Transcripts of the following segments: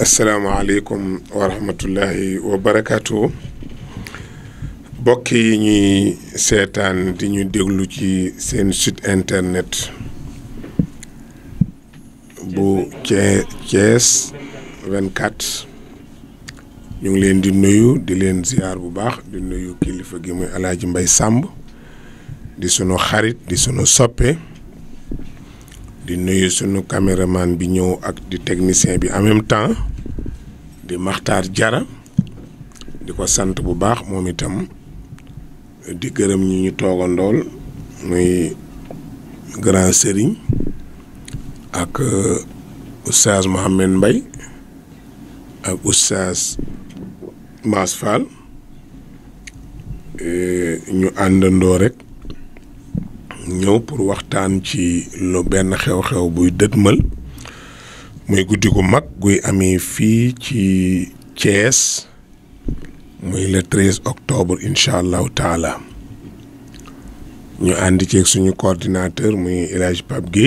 asalaamaaleykum wa rahmatullahi wa barakaatu yi ñuy seetaan di ñu déglu ci seen site internet bu Thiès 24 ñu ngi leen di nuyu di leen ziar bu baax di nuyu kilifa gi muy Alaaji Mbay Sàmb di sunu xarit di sunu soppe di nuyu sunu caméraman bi ñëw ak di technicien bi en même temps di Maxtaar Jara di ko sant bu baax moom itam di gërëm ñi ñu toogandool muy grand sëriñ ak euh, oustaz Mohamed mbay ak oustaz Mass Fall ñu àndandoo rek ñëw pour waxtaan ci lu benn xew-xew buy dëtmal muy guddi gu mag guy amee fii ci Thiès muy le treize octobre incha allahu taala ñu ànd ceeg suñu coordinateur muy El Hadj Pape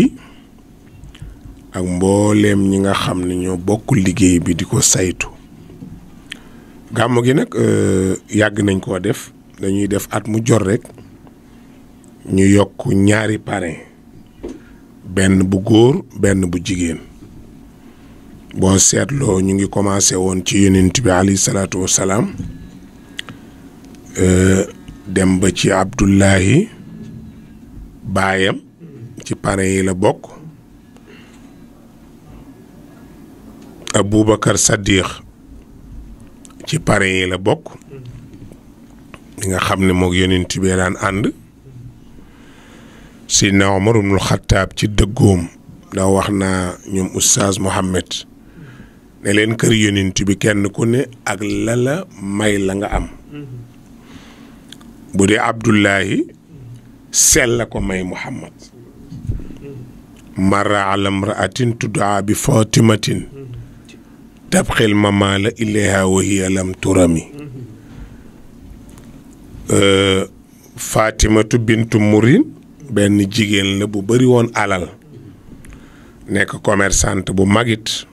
ak mbooleem ñi nga xam ni ñoo bokk liggéey bi di ko saytu gàmmu gi nag euh, yàgg nañ koo def dañuy def at mu jor rek. ñu yokk ñaari parrain benn bu góor benn bu jigéen boo seetloo ñu ngi commencé woon ci yeneen bi alayhi salaatu wassalaam euh, dem ba ci Abdullahi baayam ci parrain yi la bokk Aboubacar Saddiq ci parrain yi la bokk li nga xam ne moog yeneen bi daan ànd Seydina Omar ibnul Xattaab ci dëggoom ndax wax naa ñoom oustaz Mohammed ne leen kër yonent bi kenn ku ne ak lala may la nga am bu dee Abdullahi sell la ko may Muhammad marra ala mraatin tuddaa bi Fatimatin tabxil mamaala ilayha wa hiya lam turami mm-hmm. Fatimatu bintu Murin benn jigéen la bu bari woon alal nekk commerçante bu magit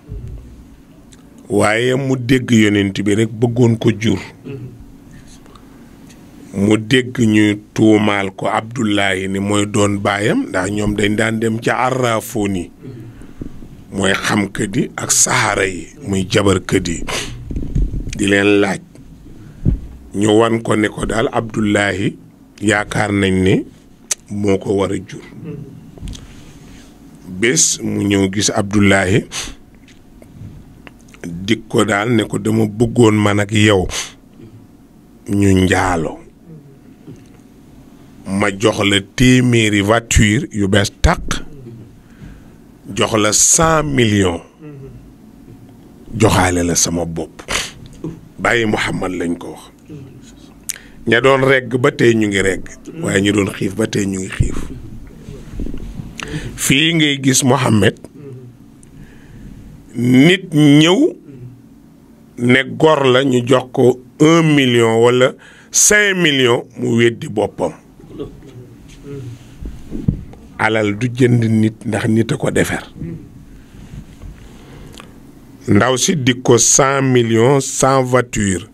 waaye mu dégg yonent bi rekk bëggoon ko jur mu dégg ñuy tuumaal ko Abdullahi ni mooy doon baayam ndax ñoom dañ daan dem ca arraafoon yi mooy xamkat yi ak saxaara yi muy jabarkat yi di leen laaj ñu wan ko ne ko daal Abdullahi yaakaar nañ ni moo ko war a jur bés mu ñëw gis Abdoulaye dik ko daal ne ko dama bëggoon man ak yow ñu njaalo ma jox la téeméeri voiture yu bees tàq jox la cent millions joxaale la sama bopp bàyyi Mouhamad lañ ko wax ña doon regg ba tey ñu ngi regg waaye ñu doon xiif ba tey ñu ngi xiif fii ngay gis Mohammed nit ñëw ne gor la ñu jox ko un million wala cinq million mu weddi boppam alal du jënd nit ndax nit a ko defar ndaw si di ko cent million cent voiture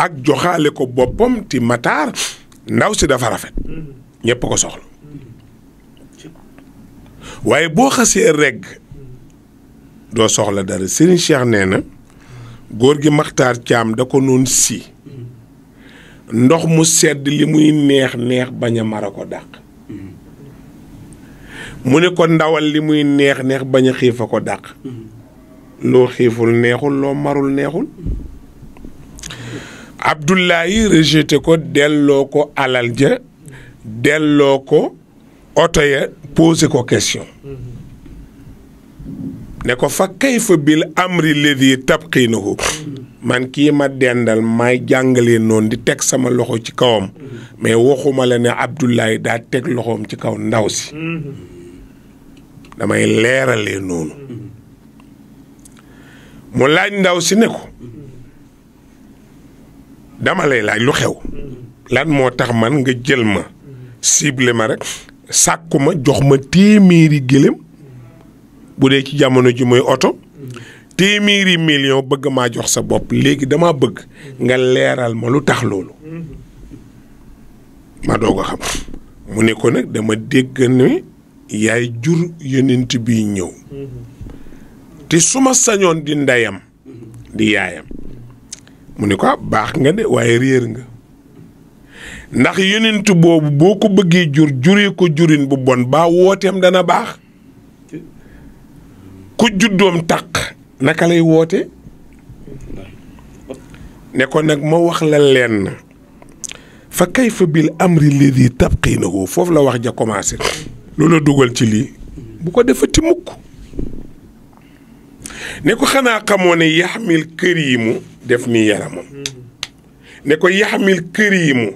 ak joxale ko boppam ti mataar ndaw si dafa rafet mm-hmm. ñëpp ko soxla waaye boo xasee regg doo soxla dara Serigne Cheikh nee na góor gi maxtaar caam da ko noon si mm-hmm. ndox mu sedd li muy neex neex bañ a mar a ko dàq mm-hmm. mu ne ko ndawal li muy neex neex bañ a xiif a ko dàq loo xiiful neexul loo marul neexul Abdoulaye rejeté ko delloo ko alal ja delloo ko oto ya posé ko question ne ko fa kayfa bil amri ledi tabqiinahu man kii ma dendal may jàngale noonu di teg sama loxo ci kawam mais waxuma la ne Abdoulaye daa teg loxoom ci kaw ndaw si damay leerale noonu mu laaj ndaw si ne ko dama lay laaj lu xew lan moo tax man nga jël ma sible ma rek sàkku jox ma téeméeri gëlëm bu dee ci jamono ji muy oto téeméeri million bëgg maa jox sa bopp léegi dama bëgg nga leeral ma lu tax loolu ma doog a xam mu ne ko nag dama dégg ne yaay jur yonent bi ñëw mm-hmm. te su ma sañoon di ndeyam di yaayam mu ni ko ah, baax nga ne waaye réer nga ndax yonent boobu boo ko bëggee jur juree ko jurin bu bon baa wooteem dana baax ku juddoom taq naka lay woote ne ko nag ma wax la lenn fa kayfa bil amri lidi tabqiinahu foofu la wax ja commencé loolu la dugal ci lii bu ko defati mukk ne ko xanaa xamoo ne yaxmil kër yi mu def nii yaramam ne ko yaxmil kër yi mu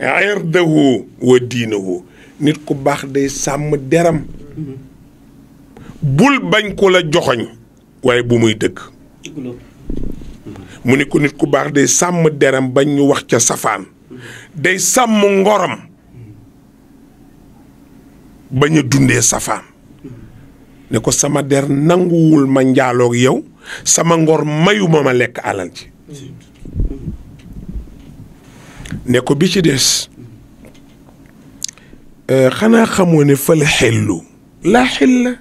irdahu wa diinahu nit ku baax day sàmm deram bul bañ ko la joxoñ waaye bu muy dëgg mu ne ko nit ku baax day sàmm deram bañ ñu wax ca safaan day sàmm ngorom bañ a dundee safaan ne ko sama der nanguwul ma njaaloog yow sama ngor mayuma ma lekk alal ji ne ko bi ci des euh, xanaa xamoo ne fël xellu laa la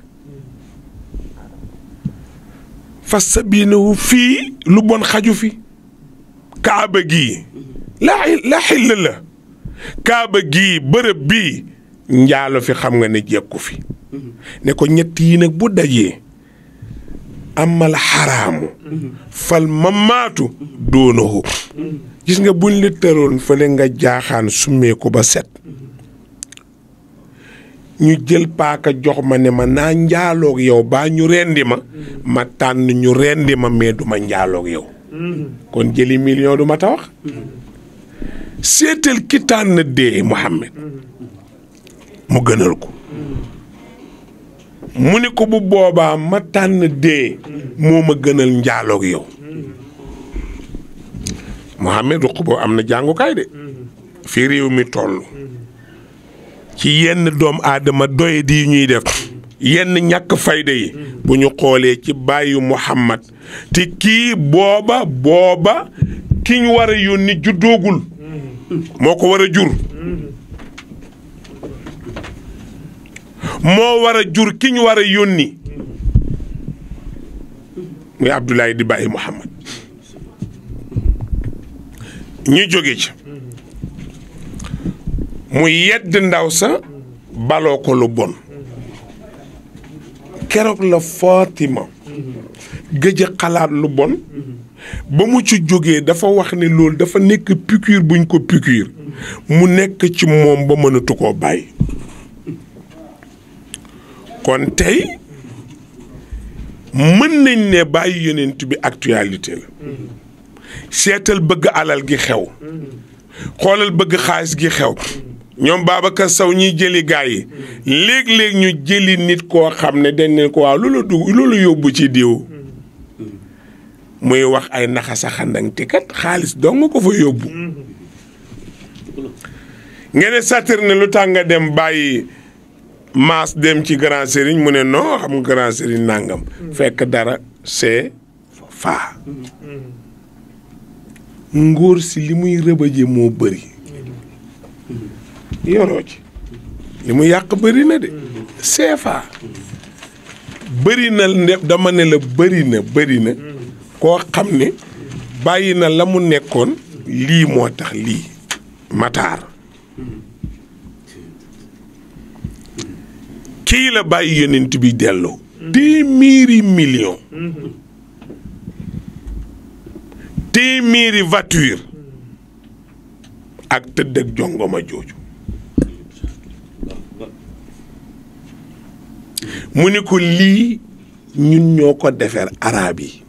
fas sa biinawu fii lu bon xaju fi kaaba gii laa laa la kaaba gii bërëb bii njaalo fi xam nga ne jekku fi ne ko ñett yi nag bu dajee amal xaraamu fal mamaatu doonahu gis nga buñ la tëroon fële nga jaaxaan summeeku ba set ñu jël paaka jox ma ne ma naa njaaloog yow baa ñu rendi ma ma tànn ñu rendi ma mais du njaaloog yow kon jëli million du tawax seetal ki tànn dee Muhammad mu gënal ko mu ni ko bu booba ma tànn dee moo ma gënal njaaloog yow Mohamed ruq boo am na jàngukaay de fi réew mi toll ci yenn doom aadama doy di ñuy def yenn ñàkk fayda yi bu ñu xoolee ci bàyyi Muhammad te kii booba booba ki ñu war a yónni juddoogul moo ko war a jur moo war a jur ki ñu war a yónni muy Abdoulaye di bàyyi Mouhamad ñu jóge ci mu yedd ndaw sa baloo ko lu bon keroog la Fatima gëj a xalaat lu bon ba mu ci jógee dafa wax ni loolu dafa nekk piqûre buñ ko piqûre mu nekk ci moom ba mënatu koo bàyyi kon tey mën nañ ne bàyyi yonent bi actualité la seetal bëgg alal gi xew xoolal bëgg xaalis gi xew ñoom Babacar Sow ñiy jëli gaay yi léeg-léeg ñu jëli nit koo xam ne dañ ne ko waaw loolu dugg loolu yóbbu ci diw muy wax ay naxasa xandang xaalis dong nga ko fa yóbbu nga ne satir ne lu tàng dem bàyyi maas dem ci grand sëriñ mu ne non xam nga grand sëriñ nangam. fekk dara c'est faa. ngóor li muy rëbëje moo bëri. yoroo ci. li mu yàq bari na de. c'est faa. bëri na dama ne la bëri na bëri na. koo xam ne bàyyi na la mu nekkoon. lii moo tax lii. Matar. fii la bàyyi yonent bi delloo. téeméeri million. téeméeri voiture. ak tëdd ak jongoma jooju. mu ni ko lii ñun ñoo ko defar araab yi.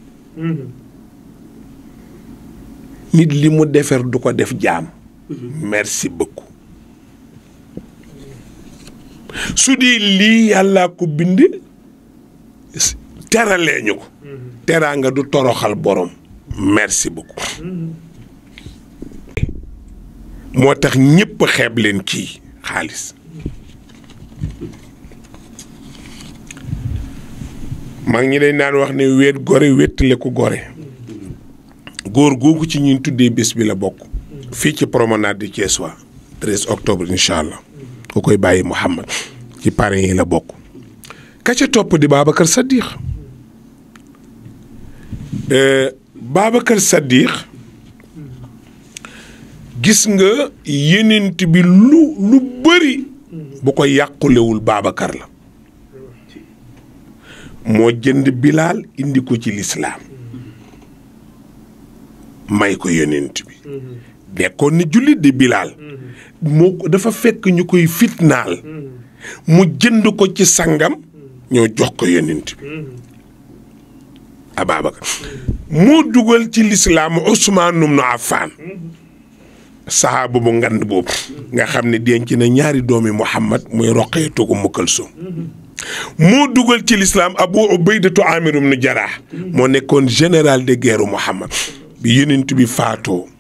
nit li mu defar du ko def jaam. merci beaucoup. su dee lii yàllaa ko bind teralee ñu ko. Mm-hmm. teraanga du toroxal boroom merci beaucoup. Mm-hmm. moo tax ñépp xeeb leen kii xaalis. mag ñi dañ daan wax ne wéet gore wéttale ko gore. Mm-hmm. góor googu ci ñun tuddee bés bi la bokk. fii ci promenade di Thiès wa 13 octobre incha allah. ku koy bàyyi Mouhamad ci parrain yi la bokk ka ca topp di Babacar Saddiq euh, Babacar Saddiq gis nga yenent bi lu lu bëri bu ko yàqulewul Babacar la moo jënd Bilaal indi ko ci lislaam may ko yenent bi nekkoon ni jullit di bilaal moo ko dafa fekk ñu koy fitnaal mu jënd ko ci sangam ñoo jox ko yonent bi Ababacar moo dugal ci lislaam Usmaan ibn Affaan saxaabu bu ngand boobu nga xam ni denc na ñaari doomi Muhammad muy Roqaya tugu mu Kalsum moo dugal ci lislaam Abu Ubaydatu Aamir ibn Jaraax moo nekkoon général de guerre Muhammad bi yonent bi faatoo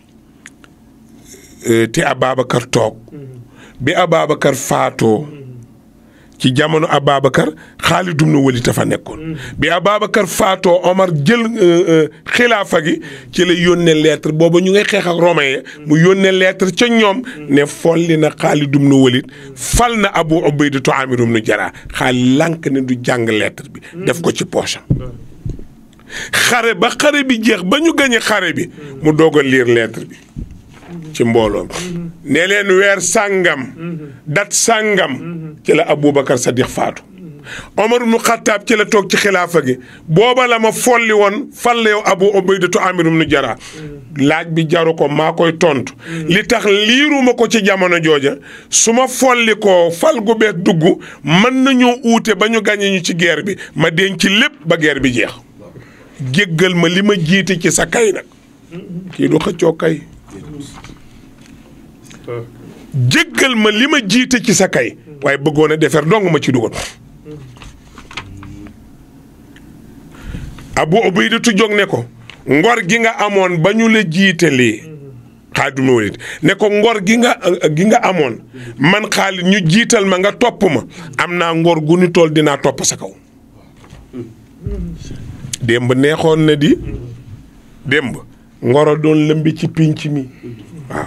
Eh, te Ababacar toog mm-hmm. bi Ababacar faatoo mm-hmm. ci jamono Ababacar Xaalid ibn Walid fa nekkoon mm-hmm. bi Ababacar faatoo Omar jël eh, eh, xilaafa gi ci la yónnee lettre booba ñu ngay xeex ak ya mu yónnee lettre ca ñoom ne folli na Xaalid ibn Walid fal na Abu Ubaydatu Amir ibn Jarrah Xaalid lànk ne du jàng lettre bi def ko ci poosam xare ba xare bi jeex ba ñu gañe xare bi mu doog a lire bi ci mbooloo mi ne weer sàngam dat sàngam ci la Aboubacar Sadiq faatu Omar ibnu Xattaab ci la toog ci xilaafa gi booba la ma folli woon fal la yow Abu Ubaydatu Amir ibnu Jara laaj bi jaru ko maa koy tontu li tax liiruma ko ci jamono jooja su ma folli koo fal gu dugg mën nañoo uute ba ñu gàñe ci guerre bi ma denc ci lépp ba guerre bi jeex jéggal ma li ma jiite ci sa kay nag kii du xëccoo kay jéggal ma li ma jiite ci sa kay waaye bëggoon a defar dong ma ci dugal abu ubaydatu jóg ne ko ngor gi nga amoon ba ñu la jiitalee xaadima ne ko ngor gi nga gi nga amoon man Xaalid ñu jiital ma nga topp ma am naa ngor gu ñu tool dinaa topp sa kaw démb neexoon na di démb ngoro doon lëmbi ci pinc mi waaw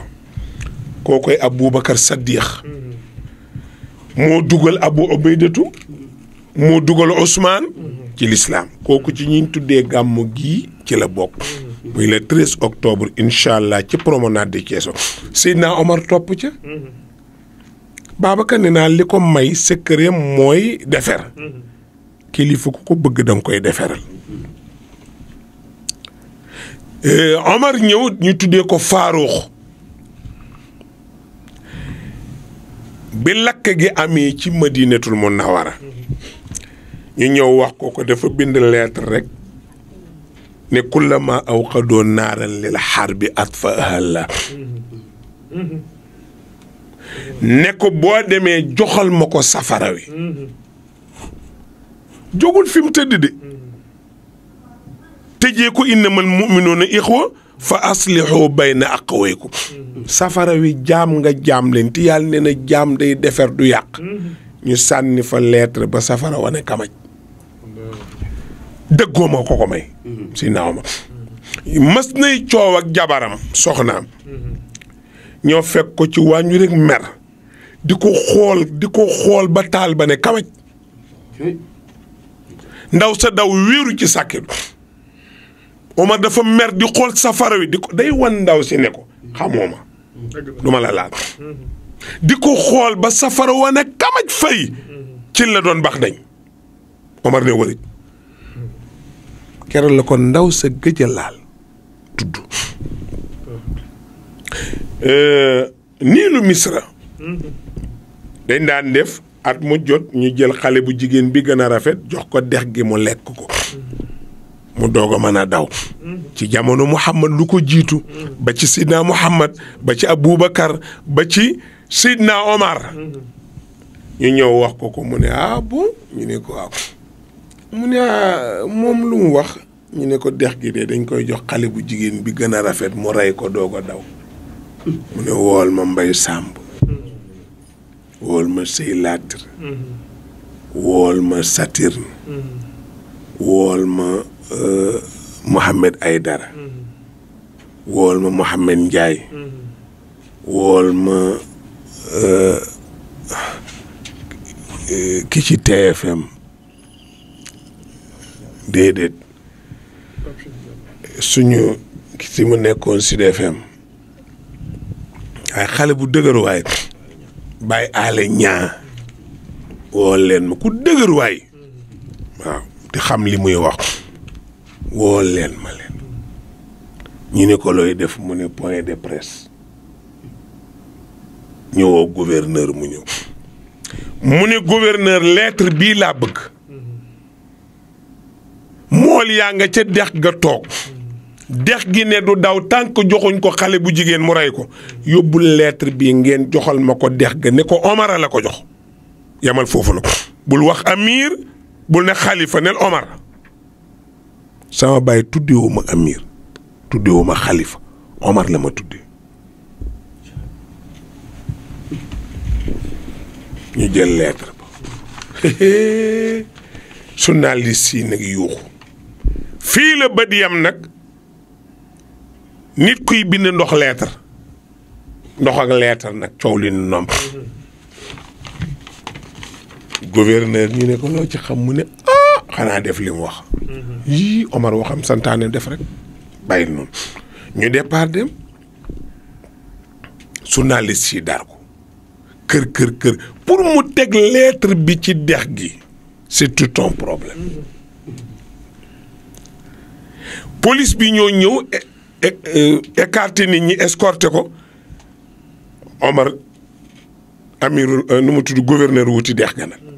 koo koy Aboubacar Saddiq moo dugal Abu Obeydatu moo dugal Ousmane ci lislaam kooku ci ñuy tuddee gàmmu gii ci la bokk muy le 13 octobre incha allah ci promenade de Thiès Seydina Omar topp ca Babacar ne naa li ko may secret mooy defer kilifa ku ko bëgg danga koy deferal Eh, Omar ñëw ñu tuddee ko Faaruux bi lakk gi amee ci Madinatul Munawara ñu ñëw wax ko ko dafa bind lettre rekk ne kullama awqadoo naaran lil xarbi atfaaha la ne ko boo demee joxal ma ko safara wi jógul fi tëdd de tëjee ko innamal mu'minuuna ixwa fa aslihu bayna aqwaykum safara wi jaam nga jaam leen ti yàlla nee na jaam day defar du yàq ñu sànni fa lettre ba safara wane kamaj dëggoo ma ko ko may si naaw ma mas nay coow ak jabaram soxnaam ñoo fekk ko ci wàññi rek mer di ko xool di ko xool ba taal ba ne kamaj ndaw sa daw wéeru ci sàkkilu Omar dafa mer di xool safara wi di ko day wan ndaw si ne ko xamoo ma duma la laal di ko xool ba safara wa ne kamaj fay ci la doon bax dañ Omar ne wërit keroog la ko ndaw sa gëj a laal tudd eh, niilu misra dañ daan def at mu jot ñu jël xale bu jigéen bi gën a rafet jox ko dex gi mu lekk ko mu doog a mën a daw ci jamono Muhammad lu ko jiitu ba ci Sidna Muhammad ba ci Aboubacar ba ci Sidna Omar ñu ñëw wax ko ko mu ne ah bon ñu ne ko waaw ah. mu ne ah moom lu mu wax ñu ne ko dex gi de dañ koy jox xale bu jigéen bi gën a rafet mu rey ko doog a daw mu ne wool ma Mbay Sàmb wool ma Sey Laatir wool ma Satirne wool ma Euh, Mouhamed Aydara mm-hmm. wool ma Mouhamed Ndiaye mm-hmm. wool ma euh, euh, ki ci TFM déedéet suñu si mu nekkoon Sud FM waaye xale bu dëgërwaay bàyyi aale ñaa wool leen ma ku dëgërwaay mm-hmm. waaw di xam li muy wax woo leen ma leen ñu ne ko looy def mu ne point de presse ñëwoo gouverneur mu ñëw mu ne gouverneur lettre bii laa bëgg mool yaa nga ca dex ga toog dex gi ne du daw tànk joxuñ ko xale bu jigéen mu rey ko yóbbul lettre bi ngeen joxal ma ko dex ga ne ko Omar la ko jox yamal foofu la bul wax amiir bul ne xalifa nel Omar sama baay tuddewu ma amir tuddiwuma ma xalifa Omar la ma tudde ñu jël lettre ba journaliste yi nag yuuxu fii la bët yam nag nit kuy bind ndox lettre ndox ak lettre nag coow li nu nomb gouverneur ñu ne ko loo ci xam mu ne xanaa def li wax. yii Omar waxam santaane def rek bàyyi noonu ñu départ dem journaliste yi daar ko kër kër kër pour mu teg lettre bi ci dex gi c'est tout un problème police bi ñoo ñëw e, e, e, écarté ni ñi escorté ko Omar Amirul euh, nu mu tudd gouverneur wuti dex ga nag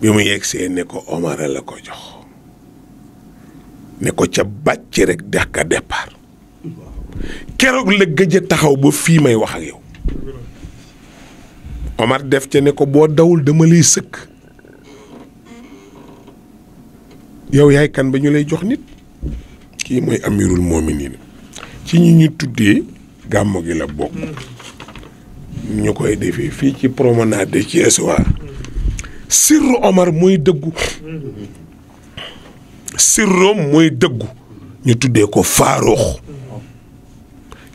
bi mu yegsee ne ko Omar la ko jox ne ko ca bàcc rek dex ka départ keroog la gëj a taxaw ba fii may wax ak yow Omar def ca ne ko boo dawul dama lay sëkk yow yaay kan ba ñu lay jox nit kii mooy amirul moominiin ci ñi ñu tuddee gàmmu gi la bokk ñu koy defee fii ci promenade de Thiès sirru Omar muy dëggu sirroom mooy dëggu ñu tuddee ko faaruux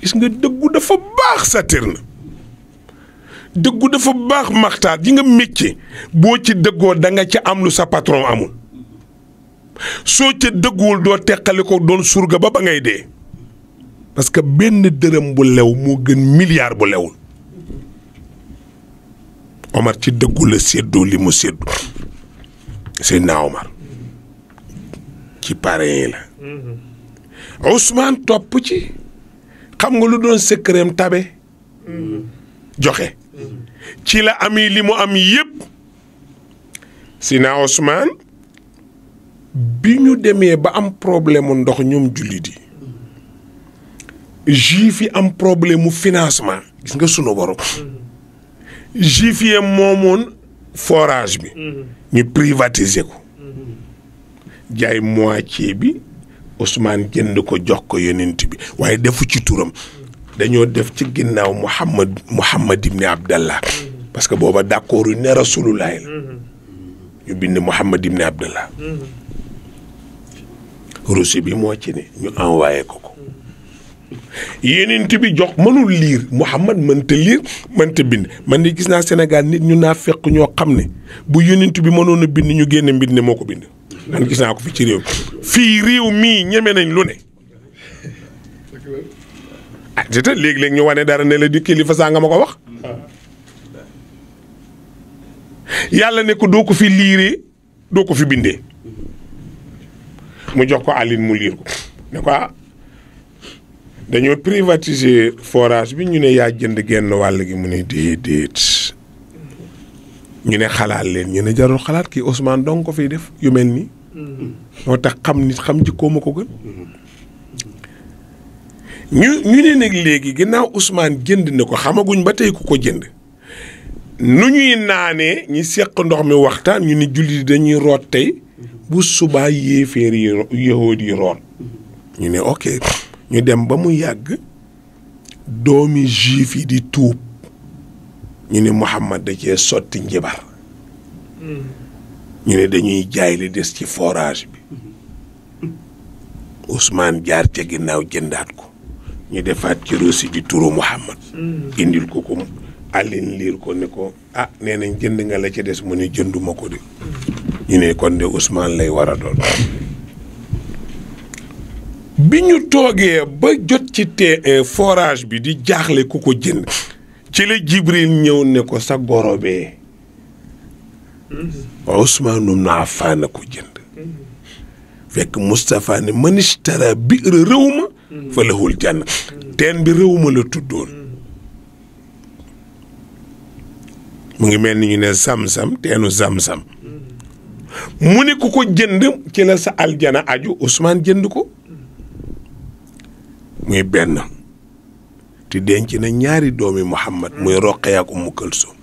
gis nga dëggu dafa baax Saturne dëggu dafa baax maxtaar ji nga métier boo ci dëggoo danga ca am lu sa patron amul soo ca dëgguwul doo teqali ko doon surga ba ba ngay dee parce que benn dërëm bu lew moo gën milliard bu lewul Omar ci dëggu la séddoo li mu séddu Seydina Omar ci parrain yi la Ousmane topp ci xam nga lu doon secret tabe joxe ci la ami li mu am yépp Seydina Ousmane bi ñu demee ba am problème mu ndox ñoom jullit yi juif yi am problème mu financement gis nga sunu borom juif yi moomoon forage bi. Mhm. ñu privatiser ko. Mhm. jaay moitié bi Ousmane jënd ko jox ko yonent bi waaye defu ci turam mhm. dañoo def ci ginnaaw Muhammad Muhammad ibni Abdallah parce que booba d'accord yu ne Rasulullaay la. ñu bind Muhammad ibni Abdallah. Russie bi moo ci ne ñu envoyé ko ko. yeneent bi jox mënul liir Muhammad mënta liir mënta bind man di gis naa senegal nit ñu naa fekk ñoo xam ne bu yeneent bi mënoon a bind ñu génne mbir ne moo ko bind man gis naa ko fi ci réew fii réew mii ñeme nañ lu ne ah te léegi-léegi ñu wane dara ne la di kilifa saa nga ma ko wax yàlla ne ko doo ko fi liiree doo ko fi bindee mu jox ko Aline mu liir ko dañoo privatiser forage bi ñu ne yaa jënd genn wàll gi mu ne déedéet ñu ne xalaat leen ñu ne jarul xalaat kii Ousmane dong ko fiy def yu mel nii. moo tax xam nit xam jikkoo ma ko gën. ñu ñu ne nag léegi ginnaaw Ousmane jënd na ko xamaguñ ba tey ku ko jënd nu ñuy naanee ñi seq ndox mi waxtaan ñu ne jullit dañuy root tey bu subaa yéeféer yi yahóod yi root ñu ne ok. ñu dem ba mu yàgg doomi juif yi di tuub ñu ni Muhammad da cee sotti njibar hmm. ñu ne dañuy jaay li des ci forage bi hmm. Ousmane jaar ca ginnaaw jëndaat ko ñu defaat ci rosi di turu Muhammad hmm. indil ko ko Aline liir ko ne ko ah nee nañ jënd nga la ca des mu ne jënduma ko de ñu ne kon de Ousmane lay war a doon bi ñu toogee ba jot ci te eh, forage bi di jaaxle ku ko jënd ci la Jibril ñëw ne ko sa goro bee Ousmane um naa ko jënd fekk Moustapha ne manishtara bi réew ma fa lahul jànn teen bi réew la tuddoon mu ngi mel ni ñu ne samsam teenu sam mu ne ku ko jënd ci la sa aljana aju Ousmane jënd ko muy benn te denc na ñaari doomi Muhammad muy Roqaya ak Umu Kalsum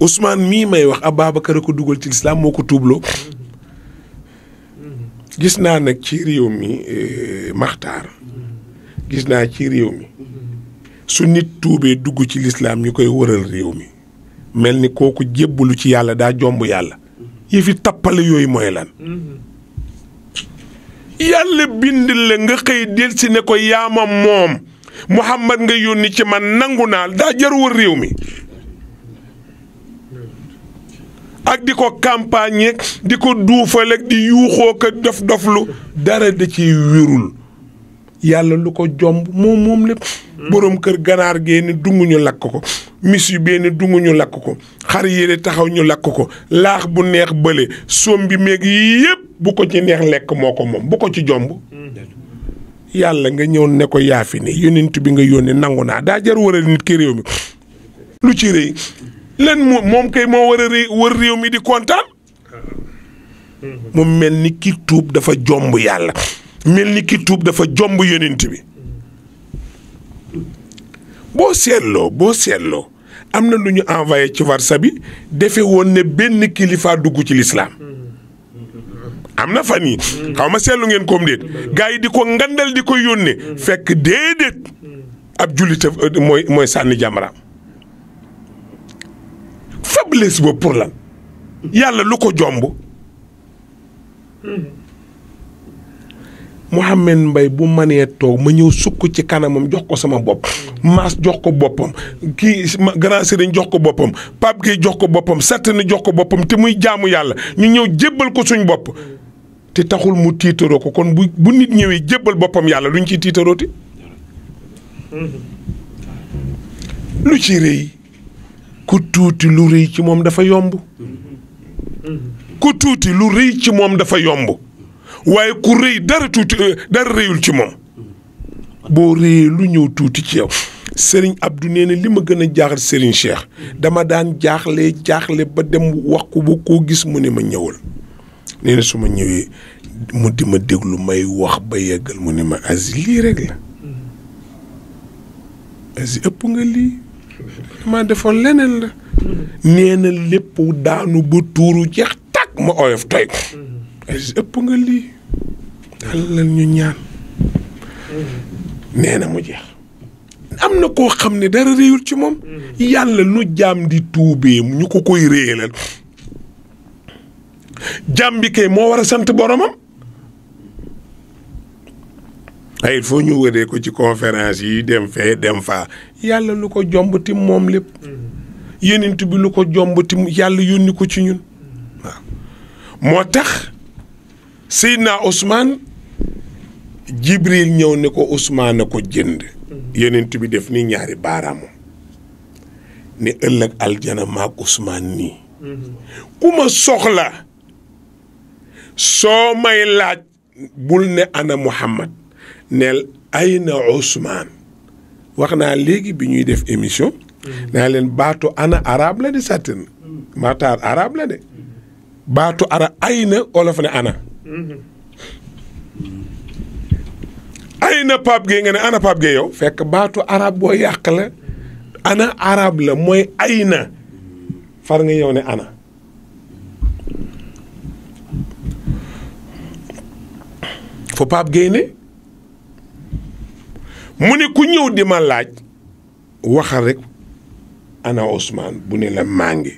Ousmane mii may wax Ababacar ko dugal ci lislaam moo ko tuubloo gis naa nag ci réew mi eh, Maxtaar gis naa ci réew su nit tuubee dugg ci lislaam ñu koy wëral réew mi mel ni kooku jébbalu ci yàlla daa jomb yàlla yëfi tappale yooyu mooy lan yàlla bind la nga xëy del ci ne ko yaamam moom Muhammad nga yónni ci man nangu naal daa jaruwul réew mi ak di ko campagne di ko duufal ak di yuuxoo ko dof doflu dara da ci wérul yàlla lu ko jomb moom moom lépp boroom kër ganaar gee ni dungu ñu lakk ko mis yu bee ni dungu ñu lakk ko xar yére taxaw ñu lakk ko laax bu neex bële sombi meeg yépp bu ko ci neex lekk moo ko moom bu ko ci jomb. yàlla nga ñëw ne ko yaafi ni yonent bi nga yónnee nangu naa daajar jar wëral nit ki réew mi lu ci rëy lan moom kay moo war a wër réew mi di kontaan. mu mel ni ki tuub dafa jomb yàlla mel ni ki tuub dafa jomb yonent bi boo seetloo boo seetloo am na lu ñu envoyé ci warsa bi defe woon ne benn kilifaa dugg ci lislaam am na fan yi xaw ma seetlu ngeen koom déet gars yi di ko ngandal di ko yónnee fekk déedéet ab jullit euh, mooy mooy sànni jàmbaraam faiblesse boobu pour la yàlla lu ko jomb. moo Mouhamed mbay bu manee toog ma ñëw sukk ci kanamam jox ko sama bopp Maas jox ko boppam kii grand sëriñ jox ko boppam Pape Gueye jox ko boppam Satani jox ko boppam te muy jaamu yàlla ñu ñëw jébbal ko suñ bopp te taxul mu tiitaroo ko kon bu bu nit ñëwee jébbal boppam yàlla luñ ciy tiitarooti mm-hmm. lu ci rëy lu ci moom dafa yomb mm-hmm. ku tuuti lu rëy ci moom dafa yomb waaye ku rëy dara tuuti euh, dara rëyul ci moom mm-hmm. boo rëyee lu ñëw tuuti ci yow sëriñ Abdou nee na li ma gën a jaaxal Serigne Cheikh dama daan jaaxle jaaxle ba dem wax ko ba koo gis mu ne ma ñëwal nee na su ma ñëwee mu di ma déglu may wax ba yeggal mu ne ma asi lii rek la asi ëpp nga lii dama defoon leneen la nee lépp daanu ba tuuru jeex tàkk ma oyof toy asi ëpp nga lii daal ñu ñaan nee na mu jeex am na koo xam ne dara réyul ci moom mm-hmm. yàlla nu jaam di tuubee ñu ko koy réyalal jàmm moo war a sant boromam. ay il ñu wëree ko ci conférence yi dem fee dem faa yàlla lu ko jomb tim moom lépp mm-hmm. yonent bi lu ko jomb tim yàlla yónni ko ci ñun mm-hmm. moo tax Seydina Ousmane Jibril ñëw ni ko Ousmane ko jënd mm-hmm. yonent bi def ni ñaari baaraamu ne ëllëg aljana maag nii ku soxla soo may laaj bul ne ana Muhammad neel ayna Ousmane wax naa léegi bi ñuy def émission. Mm-hmm. naa leen baatu ana arabe la di sàttin. maataar mm-hmm. arabe la de. baatu ara ayna olof ne ana. Mm-hmm. ayna Pape Gueye nga ne ana Pape Gueye yow. fekk baatu arabe boo yàq la ana arabe la mooy ayna far nga yow ne ana. fa Pape Gueye mu ne ku ñëw di ma laaj waxal rek ana Ousmane bu ne la maa ngi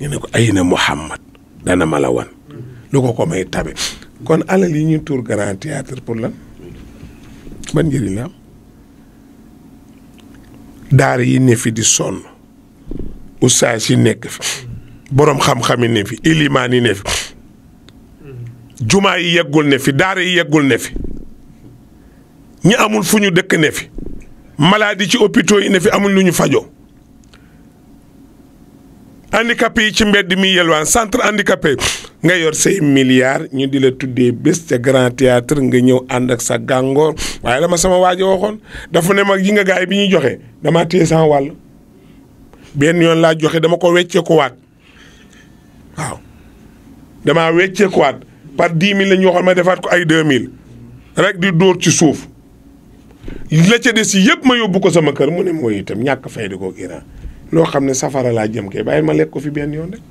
ne ko ay na Mouhamad dana ma la wan lu ko ko may tabe kon alal yi ñu tour grand pour lan ban njëriñ la am yi ne fi di sonn oustaz yi nekk fi boroom xam-xam yi ne fi ilimaan yi ne fi jumaa yi yeggul ne fi daara yi yeggul ne fi ñi amul fu ñu dëkk ne fi maladie ci hôpitaux yi ne fi amul lu ñu fajoo handicapé yi ci mbedd mi yelwaan centre handicapé nga yor say milliards ñu di la tuddee bés ca grand théâtre nga ñëw ànd ak sa gàngoor waaye la ma sama waajo waxoon dafa ne mag yi nga gaay bi ñuy joxe damaa téye sama wàll benn yoon laa joxe dama ko weccee ko waat waaw damaa weccee ko waat par dix mille la ñu waxoon ma defaat ko ay deux mille rek di dóor ci suuf la ca des yëpp ma yóbbu ko sama kër mu ne mooy itam ñàkk fay di ko Iran loo xam ne safara laa jëm kay bàyyi ma lekk ko fi benn yoon rek.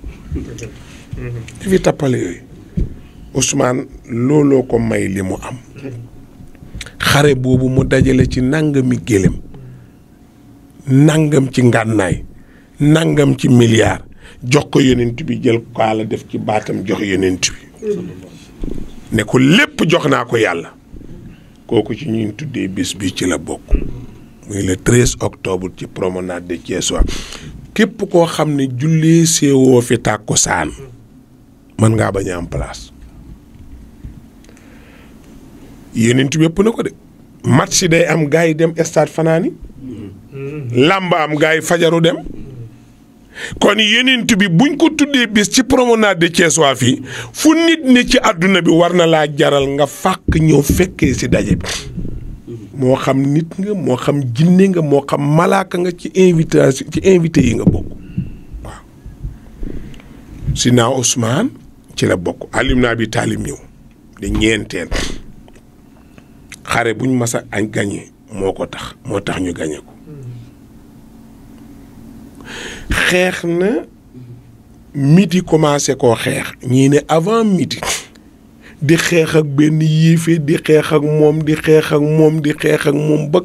di fi tappale yooyu Ousmane looloo ko may li mu am. xare boobu mu dajale ci nangami gélem nangam ci ngànnaay nangam ci milliard jox ko yonent bi jël kaala def ci baatam jox yeneent bi ne ko lépp jox naa ko yàlla kooku ci ñu tuddee bis bi ci la bokk muy le 13 octobre ci promenade de Thiès képp koo xam ne jullee seewoo fi tàkkusaan mën ngaa bañ a am place yéenent bi yëpp na ko de match day am gars dem stade fanaani mm-hmm. làmb am yi fajaru dem kon yenent bi buñ ko tuddee bis ci promenade de Thiès fi fii fu nit ni ci àdduna bi war na laa jaral nga fàq ñëw fekkee si daje bi moo xam nit nga moo xam jinne nga moo xam malaaka nga ci invitation ci invité yi nga bokk waaw Sina Ousmane ci la bokk alim naa bi taalim ñëw di ñeenteel xare buñ mas a añ gañe moo ko tax moo tax ñu gañe ko xeex na midi commencé koo xeex ñii ne avant miti di xeex ak benn yéefe di xeex ak moom di xeex ak moom di xeex ak moom ba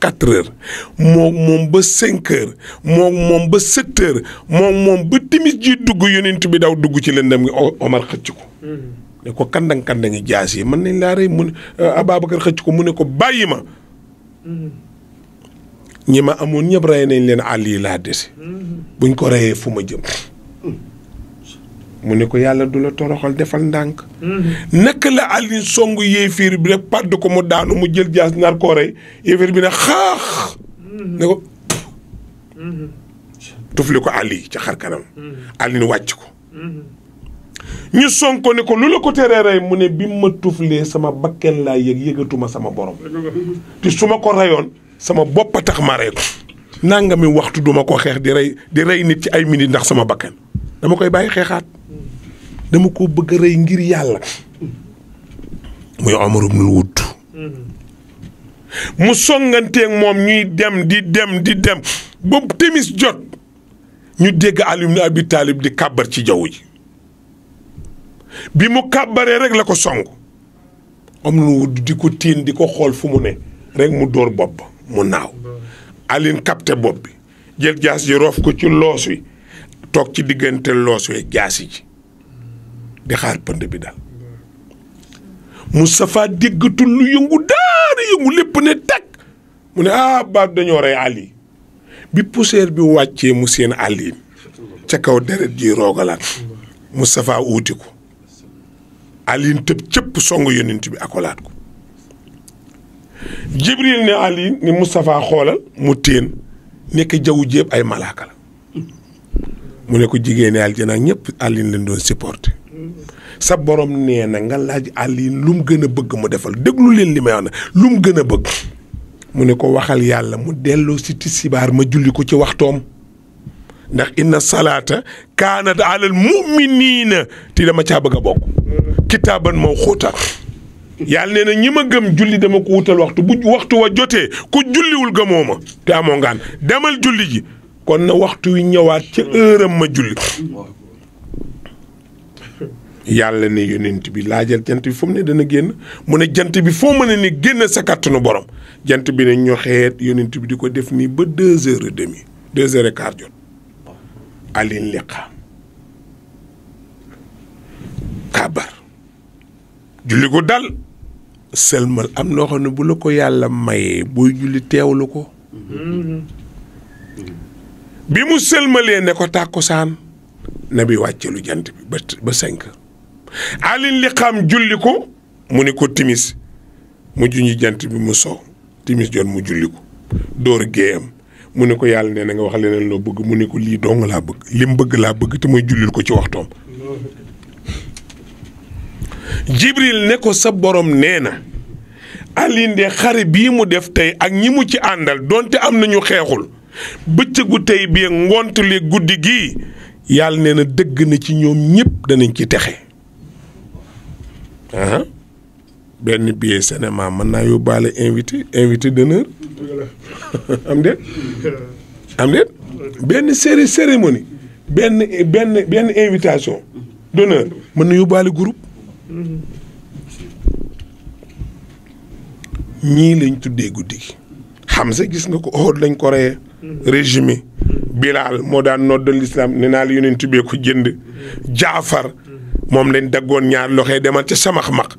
quatre heures moom ba cinq heures moom moom ba sept heures moom moom ba timis ji dugg yonent bi daw dugg ci lëndam gi Omar xëcc ko mm-hmm. ne ko kandang kandangi jaas yi mën nañ laa rey mu ne euh, Ababacar xëcc ko mu ne ko bàyyi ma mm-hmm. ñi ma amoon ñëpp rey nañ leen àll yi laa dese buñ ko reyee fu ma jëm mu ne ko yàlla du la toroxal defal ndànk naka la Alioune song yéeféer bi rek pàdd ko mu daanu mu jël jaas nar koo rey yéeféer bi ne xaax ne ko tufli ko àll yi ca xar kanam Alioune wàcc ko ñu song ko ne ko lu la ko teree rey mu ne bi ma tuflee sama bakken laa yëg yëgatuma sama borom te su ma ko reyoon sama bopp a tax ma rey ko nangami waxtu duma ko xeex di rey di rey nit ci ay minutes ndax sama bakkan dama koy bàyyi xeexaat dama ko bëgg a rey ngir yàlla muy Omar Wudd mu songanteeg moom ñuy dem di dem di dem boobu timis jot ñu dégg Ali ibn taalib di kàbbar ci jaww ji bi mu kàbbaree rek la ko song Omar Wudd di ko tiin di ko xool fu mu ne rek mu dóor bopp mu naaw Aline capté bopp bi jël jaas ji roof ko ci loos wi toog ci diggante loos wi jaas ji di xaar pënd bi daal Moustapha déggatul lu yëngu daara yëngu lépp ne teg mu ne ah baat dañoo rey Ali bi poussière bi wàccee mu seen Ali ca kaw deret ji roogalaat Moustapha uuti ko Aline tëb cëpp song yonent bi akolaat ko jibril ne ali ni Moustapha xoolal mu téen nekk jaww jéeb ay malaaka la mu ne ko jigéen aljana ñëpp àllin leen doon supporté sa borom nee na nga laaj àllin lu mu gën a bëgg mu defal déglu leen li may wax na lu mu gën a bëgg mu ne ko waxal yàlla mu delloo si tisibaar ma julli ko ci waxtoom ndax inna salaata kaanat alal mu'miniina te dama caa bëgg bokk kitaaban mawquuta yàlla nee na ñi ma gëm julli dama ko wutal waxtu bu waxtu wa jotee ku julliwul gëmoo ma te amoo ngaan demal julli ji kon na waxtu wi ñëwaat ci heure am ma julli yàlla ne yonent bi laajal jant bi fu mu ne dana génn mu ne jant bi foo mën a ne génn sa kàttanu borom jant bi ne ñoxeet yonent bi di ko def nii ba deux heures et demi deux heures jot alin liqa kabar julli ko dal sëlmal am noo xam ne bu la ko yàlla mayee booy julli teewlu ko bi mu sëlmalee ne ko tàkkusaan na bi wàccelu jant bi ba ba cinq alin li xam julli ko mu ne ko timis mu juñu jant bi mu soow timis jot mu julli ko dóor géeyam mu ne ko yàlla nee na nga wax leneen loo bëgg mu ni ko lii dong laa bëgg lim bëgg laa bëgg te muy jullil ko ci waxtoom jibril ne ko sa borom nee na alinde xare bii mu def tey ak ñi mu ci àndal donte am na ñu xeexul bëccëgu tey bi ngont li guddi gii yàlla nee na dëgg na ci ñoom ñëpp danañ ci texe ah benn billet cinéma mën naa yóbbaale invité invité d'honneur am déet am déet benn série cérémonie benn benn benn invitation d'honneur mën na yóbbaale groupe ñii lañ tuddee guddi gi xam sa gis nga ko oot lañ ko reyee régime Bilaal moo daan noddal lislaam ne naa la yonent bee ko jënd Jaafar moom lañ daggoon ñaar loxee demal ca samax maq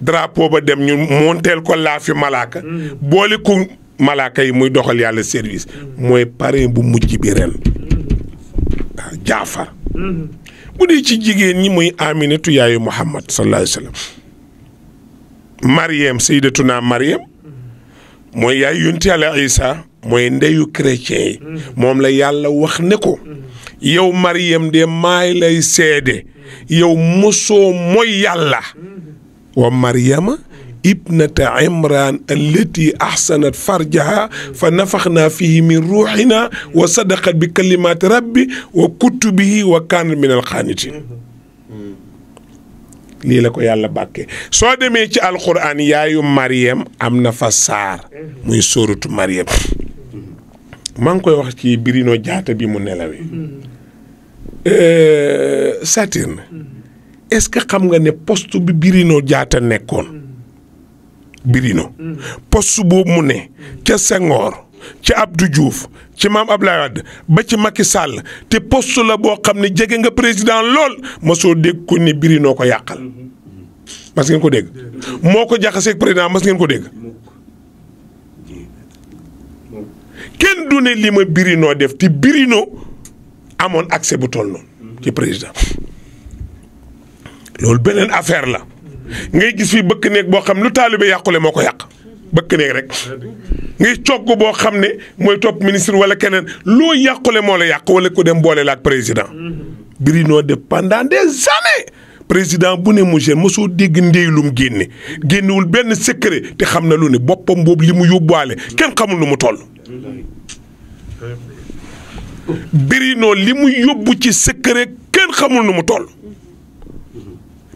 drapeau ba dem ñu monteel ko laafi malaaka boole ku malaaka yi muy doxal yàlla service mooy parrain bu mujj bi ren Jaafar bu dee ci jigéen ñi muy aminatu yaayu muhammad sallallahu alayhi wa sallam mariam sayyidatuna mariam mooy yaay yonti yàlla isa mooy ndeyu chrétien yi moom la yàlla wax ne ko yow mariam de maay lay seede yow mosoo mooy yàlla wa mariama ibnata imran allati ahsanat farjaha fa nafaxna fihi min ruuxina wa sadaqat bi kalimaati rabbi wa kutubihi wa kaanat min alqaanitin lii la ko yàlla bàkkee soo demee ci alquran yaayu Mariam am na fa saar muy sóoratu Mariam maa ngi koy wax ci Birino Jaata bi mu nelawee Saturne est-ce que xam nga ne poste bi Birino Jaata nekkoon Birino poste boobu mu ne ca Senghor ci Abdou Diouf ci maam Abdoulaye Wade ba ci Macky sàll te poste la boo xam ne jege nga président lool ma soo dégg ko ne Birino ko yàqal mas ngeen ko dégg moo ko jaxaseeg président mas ngeen ko dégg kenn du ne lii ma Birino def ti Birino amoon accès bu toll ci président loolu beneen affaire la. ngay gis fii bëkk néeg boo xam lu taalibe yàqule moo ko yàq bëkk néeg rek ngay cogg boo xam ne mooy topp ministre wala keneen loo yàqule moo la yàq wala ko dem boole la ak président Bruno de pendant des président bu ne mu gén mosoo dégg ndéylum génne génnewul benn secret te xam na lu ne boppam boobu li mu yóbbaale kenn xamul nu mu toll Bruno li mu yóbbu ci secret kenn xamul nu mu toll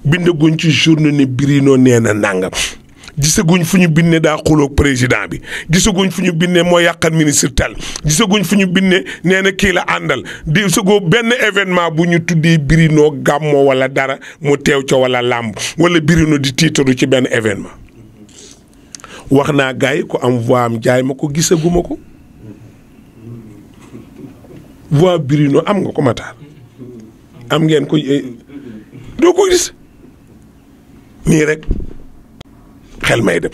bindaguñ ci journée ne Birino nee na nangam. gisaguñ fu ñu binne daa xuloog président bi gisaguñ fu ñu binne moo yàqal ministre tel gisaguñ fu ñu binne nee na kii la àndal di sagoo benn événement bu ñu tuddee Birino gàmmoo wala dara mu teew ca wala làmb wala Birino di tiitaru ci benn événement wax naa gars ko am voix am jaay ma ko gisaguma ko voix Birino am nga ko mataar am ngeen ko eh, doo ko gis nii rek xel may dem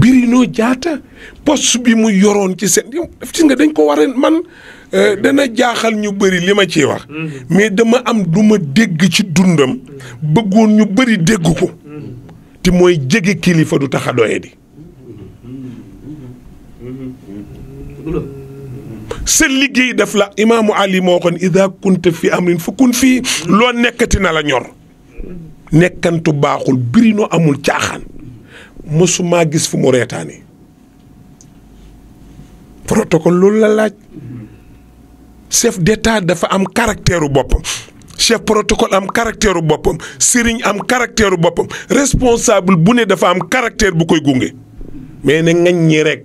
Birino jaata poste bi mu yoroon ci seen yow daf nga dañ ko war a man dana jaaxal ñu bari li ma ciy wax mais dama am du ma dégg ci dundam bëggoon ñu bari dégg ko te mooy jege kilifa du tax a doy di sa liggéey def la imaamu Ali moo xoon ida kunta fi amrin fukkun fii loo nekkati na la ñor nekkantu baaxul birino amul caaxaan mësumaa gis fu mu reetaani protocole loolu la laaj chef d'état dafa am caractère boppam chef protocole am caractère boppam sëriñ am caractère boppam responsable bu ne dafa am caractère bu koy gunge mais ne ngañ ñi rek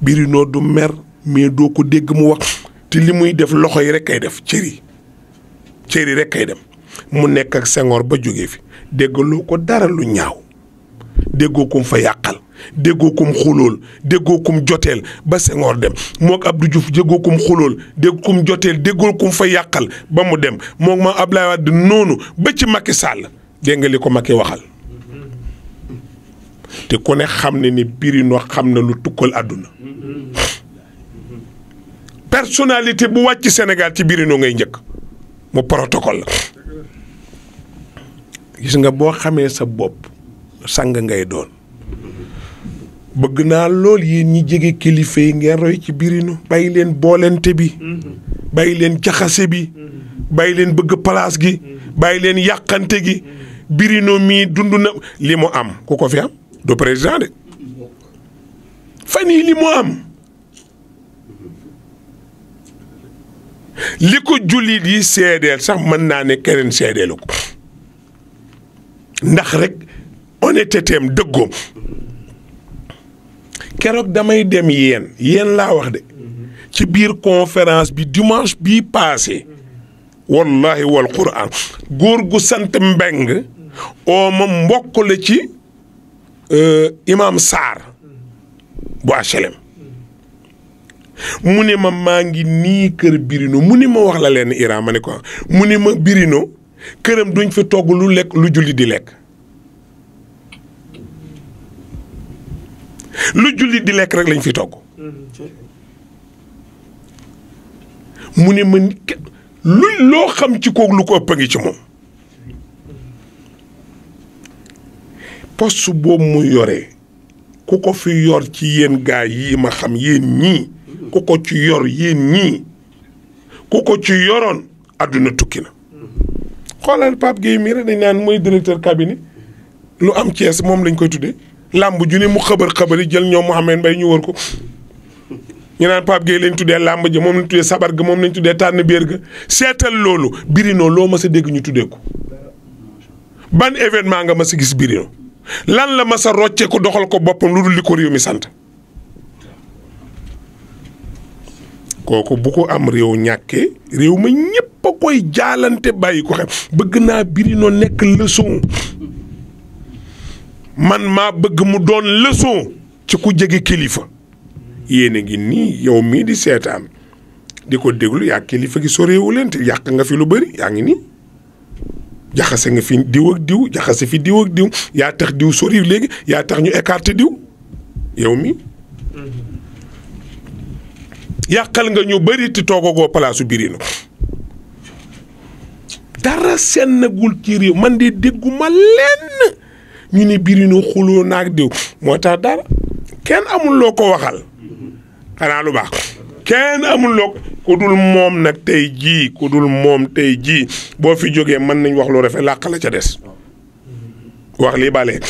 birino du mer mais doo ko dégg mu wax te li muy def loxo yi rek ay def cër céri rekk ay dem mu nekk ak Senghor ba jóge fi déggaloo ko dara lu ñaaw déggoo ko fa yàqal déggoo ko xulool déggoo ko joteel ba Senghor dem moog Abdou Diouf déggoo ko dégg ko joteel déggoo ko mu fa yàqal ba mu dem moog ma Abdoulaye Wade noonu ba ci Macky sàll dégg ko Macky waxal. te ku ne xam ne ni Pirino xam na lu tukkal àdduna. personnalité bu wàcc Sénégal ci Birino ngay njëkk mu protocole la gis nga boo xamee sa bopp sang ngay doon bëgg naa lool yéen ñu jege kilifa yi ngeen roy ci Birino bàyyi leen boolente bi bàyyi leen jaxase bi bàyyi leen bëgg place gi bàyyi leen yàqante gi Birino mii dund na li mu am ku ko fi am du président de fan yii li mu am li ko jullit yi seedeel sax mën naa ne keneen seedeelu ko ndax rek honnêtetéem dëggoom keroog damay dem yéen yéen laa wax de ci biir conférence bi dimanche bii passé wallahi wal quran góor gu sant mbeng oo ma mbokk la ci euh, imam Sarr bu HLM mu ne ma maa ngi nii kër Birino mu ne ma wax la leen Iran ma ne ko mu ne ma Birino këram duñ fi togg lu lekk lu julli di lekk. lu julli di lekk rek lañ fi togg. mu ne ma lu loo xam ci koog lu ko ëpp a ngi ci moom. poste boobu mu yore ku ko fi yor ci yéen gaa yi ma xam yéen ñii. ku ko ci yor yii nii ku ko ci yoroon àdduna tukki na xoolal Pape Gueye mii rek dañ naan mooy directeur cabinet lu am Thiès moom lañ koy tudde làmb ju ne mu xabar xabar yi jël ñoom Mouhamed Mbaye ñu wër ko ñu naan Pape Gueye lañ tuddee làmb ja moom lañ tuddee sabar ga moom lañ tuddee tànn biir ga seetal loolu birino loo ma sa dégg ñu tuddee ko ban événement nga ma sa gis birino lan la ma sa rocce ko doxal ko boppam lu dul li ko réew mi sant kooku bu ko am réew ñàkkee réew ma ñépp a koy jaalante bàyyi ko xel bëgg naa Birino nekk leçon man maa bëgg mu doon leçon ci ku jege kilifa yéen a ngi nii yow mii di seetaan di ko déglu yaa kilifa gi soreewu leen te yàq nga fi lu bari yaa ngi nii jaxase nga fi diw ak diw jaxase fi diw ak diw yaa tax diw sori léegi yaa tax ñu écarté diw yow mi mm-hmm. yàqal nga ñu bari ti toogagoo palaasu Birima dara sennagul ci réew man de dégguma lenn ñu ne Birima xuloo naag diw moo tax dara kenn amul loo ko waxal xanaa lu baax kenn amul loo ku dul moom nag tey jii ku moom tey jii boo fi jógee mën nañ wax lu rafet làq la ca des wax lii bale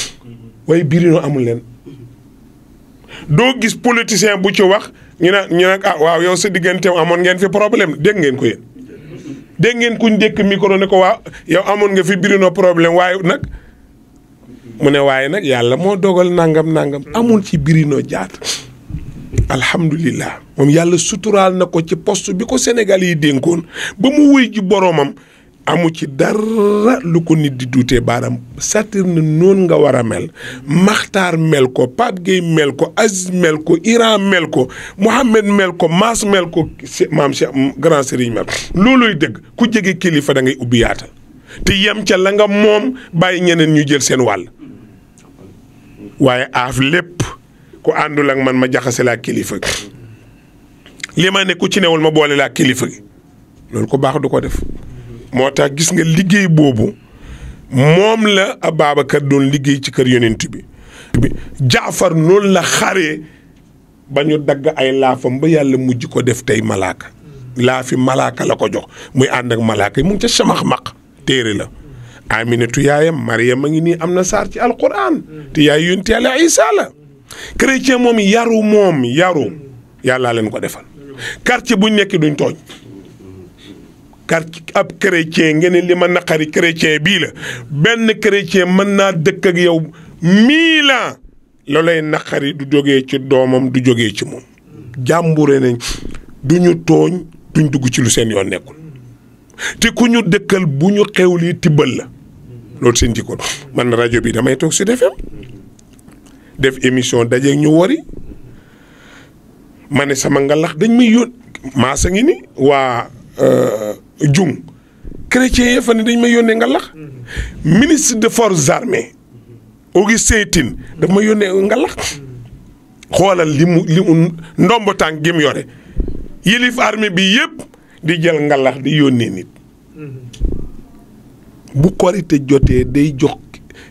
waaye Birima amul leen doo gis politicien bu ci wax ñu ne ñu ne ah waaw yow sa diggante amoon ngeen fi problème dégg ngeen ko yéen. dégg ngeen kuñ dékk micro ne ko waaw yow amoon nga fi birino problème waaye nag mu ne waaye nag yàlla moo dogal nangam nangam amul ci birino jaat alhamdulilah moom yàlla suturaal na ko ci post bi ko Sénégal yi dénkoon ba mu wuy ji boroomam amu ci dara lu ko nit di duutee baaraam Saturne noonu nga war a mel Maxtaar mel ko Pape Gueye mel ko Aziz mel ko Iran mel ko Mohamed mel ko Maas mel ko maam Cheikh grand Serigne mel looluy dëgg ku jege kilifa da ngay ubbi yaatal te yem ca la moom bàyyi ñeneen ñu jël seen wàll waaye aaf lépp ku àndul ak man ma jaxase laa kilifa li ma ne ku ci newul ma boole laa kilifa loolu ko baax du ko def. moo tax gis nga liggéey boobu moom la a Ababacar doon liggéey ci kër yonent bi jaafar noonu la xaree ba ñu dagg ay laafam ba yàlla mujj ko def tey malaaka laafi malaaka la ko jox muy ànd ak malaaka yi mu ngi ca samax-maq téere la aminatu yaayam mariam ngi nii am na saar ci alquran te yaay yonent yàlla isa la chrétien moom yaru moom yaru yàllaa leen ko defal quartier buñ nekk duñ tooñ car ab chrétien ngeen li ma naqari chrétien bii la benn chrétien mën naa dëkk ak yow mille la loolay naqari du jógee ci doomam du jógee ci moom. jàmbure nañ du ñu tooñ duñ dugg ci lu seen yoon nekkul te ku ñu dëkkal bu ñu xew lii tibbal la loolu seen jikko man na rajo bii damay toog Sud FM def émission dajeeg ñu wari ma ne sama ngalax dañ may yónni maasa ngi ni waa. Euh, jum chrétien yi fa dañ ma yónnee ngalax mm-hmm. ministre de forces armées mm-hmm. Augustin Tine daf ma yónnee nga lax mm-hmm. xoolal li mu li mu yore yélif armée bi yëpp di jël ngalax di yónnee nit bu korite jotee day jox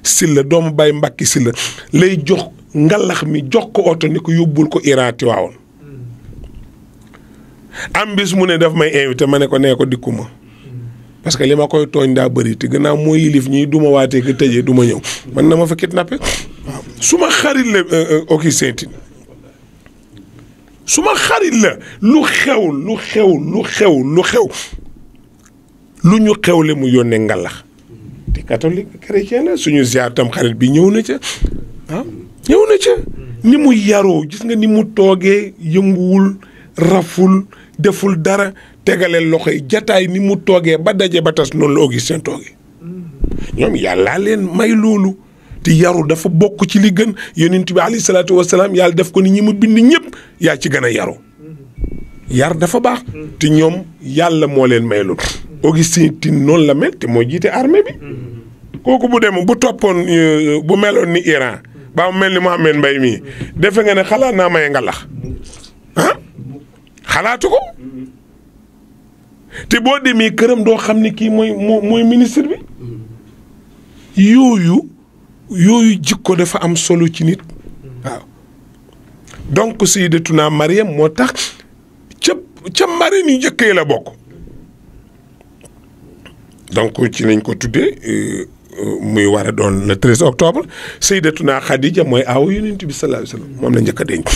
silla doomu bàyyi mbàkki silla lay jox ngalax mi jox ko oto ni ko yóbbul ko Iran Tiwaawoon am bis mu ne daf may invité ma ne ko nee ko dikku parce que li ma koy tooñ daa bëri te gannaaw moo yilif ñi du ma waatee ko tëjee du ñëw man na ma fa kidnappé waaw euh, euh, su ma xarit la lu xew lu xew lu xew lu xew lu ñu xewle mu yónnee ngalax te catholique chrétien la suñu ziar tam xarit bi ñëw na ca ah ñëw na ca ni mu yaroo gis nga ni mu toogee yënguwul raful deful dara tegaleel loxo yi jataay ni mu toogee ba daje ba tas noonu la Augustin toogee ñoom yàllaa leen may loolu te yaru dafa bokk ci li gën yonent bi alayhi salaatu wasalaam yàlla def ko ni ñi mu bind ñëpp yaa ci gën a yaru yar dafa baax te ñoom yàlla moo leen may loolu Augustin Tine noonu la mel te moo jiite armée bi kooku bu dem bu toppoon euh, bu meloon ni Iran ba mu mel ni Mohamed Mbaye mii defe nga ne xalaat naa maye nga lax xalaatu ko te boo demee këram doo xam ne kii mooy mooy ministre bi yooyu yooyu jikko dafa am solo ci nit waaw donc Sayyidatuna Mariam moo tax ca ca marine yu njëkk la bokk donc ci lañ ko tuddee euh, muy war a doon le 13 octobre Sayyidatuna Khadija mooy aaw Yonent bi sallallahu alayhi wa sallam moom la njëkka a denc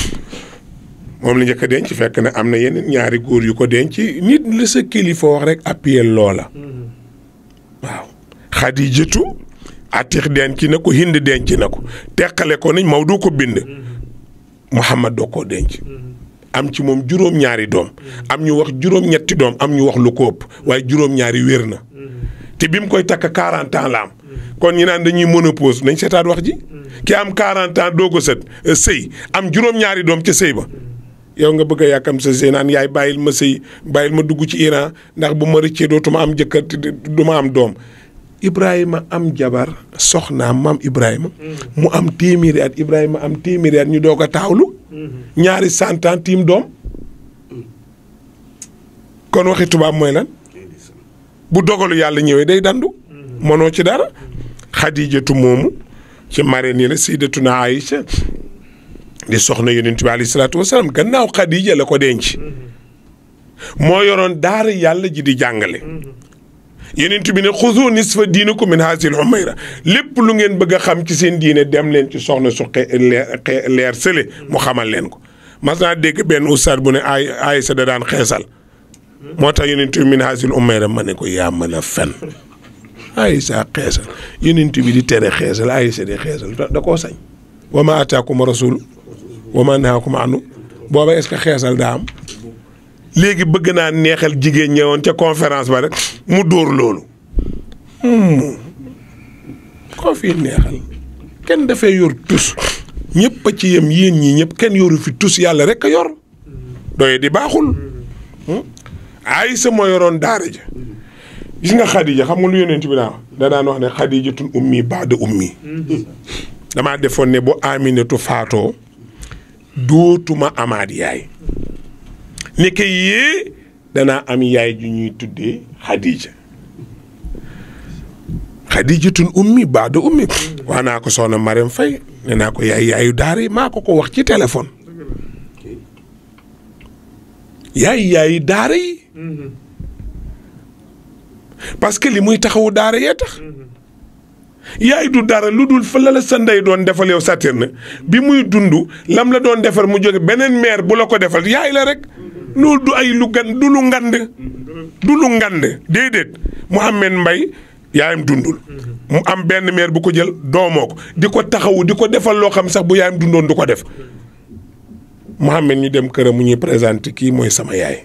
moom la njëkk a denc fekk na am na yeneen ñaari góor yu ko denc nit la sa kilifa wax rek appuyé loola. waaw xadijatu atix denc na ko hind denc na ko teqale ko nañ Maodo ko bind. mu Muhammad doo ko denc. am ci moom juróom doom. am ñu wax juróom-ñetti doom am ñu wax lu ko ëpp waaye juróom-ñaari wér na. te bi mu koy takk 40 la am. kon ñu naan dañuy ménopause nañ seetaat wax ji. ki am 40 doo ko sët sëy am juróom-ñaari doom ca sëy ba. yow nga bëgg a yàkkam sa sëy naan yaay bàyyil ma sëy bàyyil ma dugg ci Iran ndax bu ma rëccee dootuma am jëkkër du ma am doom Ibrahima am jabar soxna mam Ibrahima. Mm-hmm. mu am téeméeri at Ibrahima am téeméeri at ñu doog a taawlu. Mm-hmm. ñaari cent tiim doom. Mm-hmm. kon waxi tubaab mooy lan. bu dogalu yàlla ñëwee day dandu. mënoo ci dara. xadijatu moomu ci marraine yi la sayyidatuna Aïcha di soxna yonent bi alayhi salaatu wasalaam gannaaw Xadiija la ko denc moo yoroon daara yàlla ji di jàngale yonent bi ne xuzu nisfa diinakum min haasil xumayra lépp lu ngeen bëgg a xam ci seen diine dem leen ci soxna su leer sële mu xamal leen ko mas naa dégg benn ustaad bu ne ay ay sa da daan xeesal moo tax yonent bi ma ne ko yaa mën a fen ay sa xeesal yonent di tere xeesal ay sa di xeesal da koo sañ wa ma wa ma nahaakum anhu booba est-ce que xeesal daa am léegi bëgg naa neexal jigéen ñëwoon ca conférence ba rek mu dóor loolu hmm. koo fii neexal kenn dafay yor tus ñëpp ci yem yéen ñi ñëpp kenn yoru fi tus yàlla rek a yor doy di baaxul hmm. ay sa moo yoroon daara ja gis nga xadija xam nga lu yonent bi daa da daan wax ne xadijatun ummi baada ummi hmm. damaa defoon ne bu aminatu faatoo dootuma amaat yaay ni ko yee danaa am yaay ju ñuy tuddee Xadija Xadijatun ummi baada ummi wax ko soxna Marème Faye nee ko yaay yaayu daara yi maa ko ko wax ci téléphone mm-hmm. parce que li muy taxawu daara yee tax mm-hmm. yaay du dara lu dul fa la la sa ndey doon defal yow Saturne bi muy dund lam la doon defar mu jóge beneen mère bu la ko defal yaay la rek loolu du ay lu gan du lu ngande du lu ngand déedéet Mouhamed yaayam dundul mu am benn mère bu ko jël doomoo ko di ko taxawu di ko defal loo xam sax bu yaayam dundoon du ko def Mouhamed ñu dem këram mu ñuy présenté kii mooy sama yaay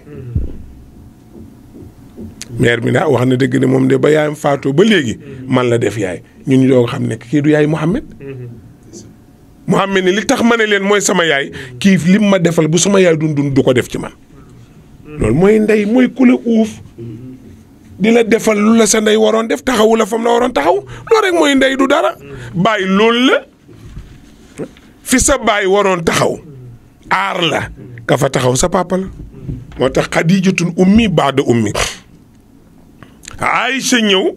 maire mi naa wax na dëgg ne moom de ba yaayam faatoo ba léegi man la def yaay ñu ñun ñoo xam ne kii du yaay Mouhamed. Mouhamed ni li tax ma ne leen mooy sama yaay kii lim ma defal bu sama yaay dun dun du ko def ci man. loolu mooy ndey mooy ku uuf di la defal lu la sa ndey waroon def taxawu la fam la waroon taxaw loolu rek mooy ndey du dara bàyyi loolu la fi sa bàyyi waroon taxaw aar la ka fa taxaw sa papa moo tax xadiijatul ummi baada ummi. Aïcha ñëw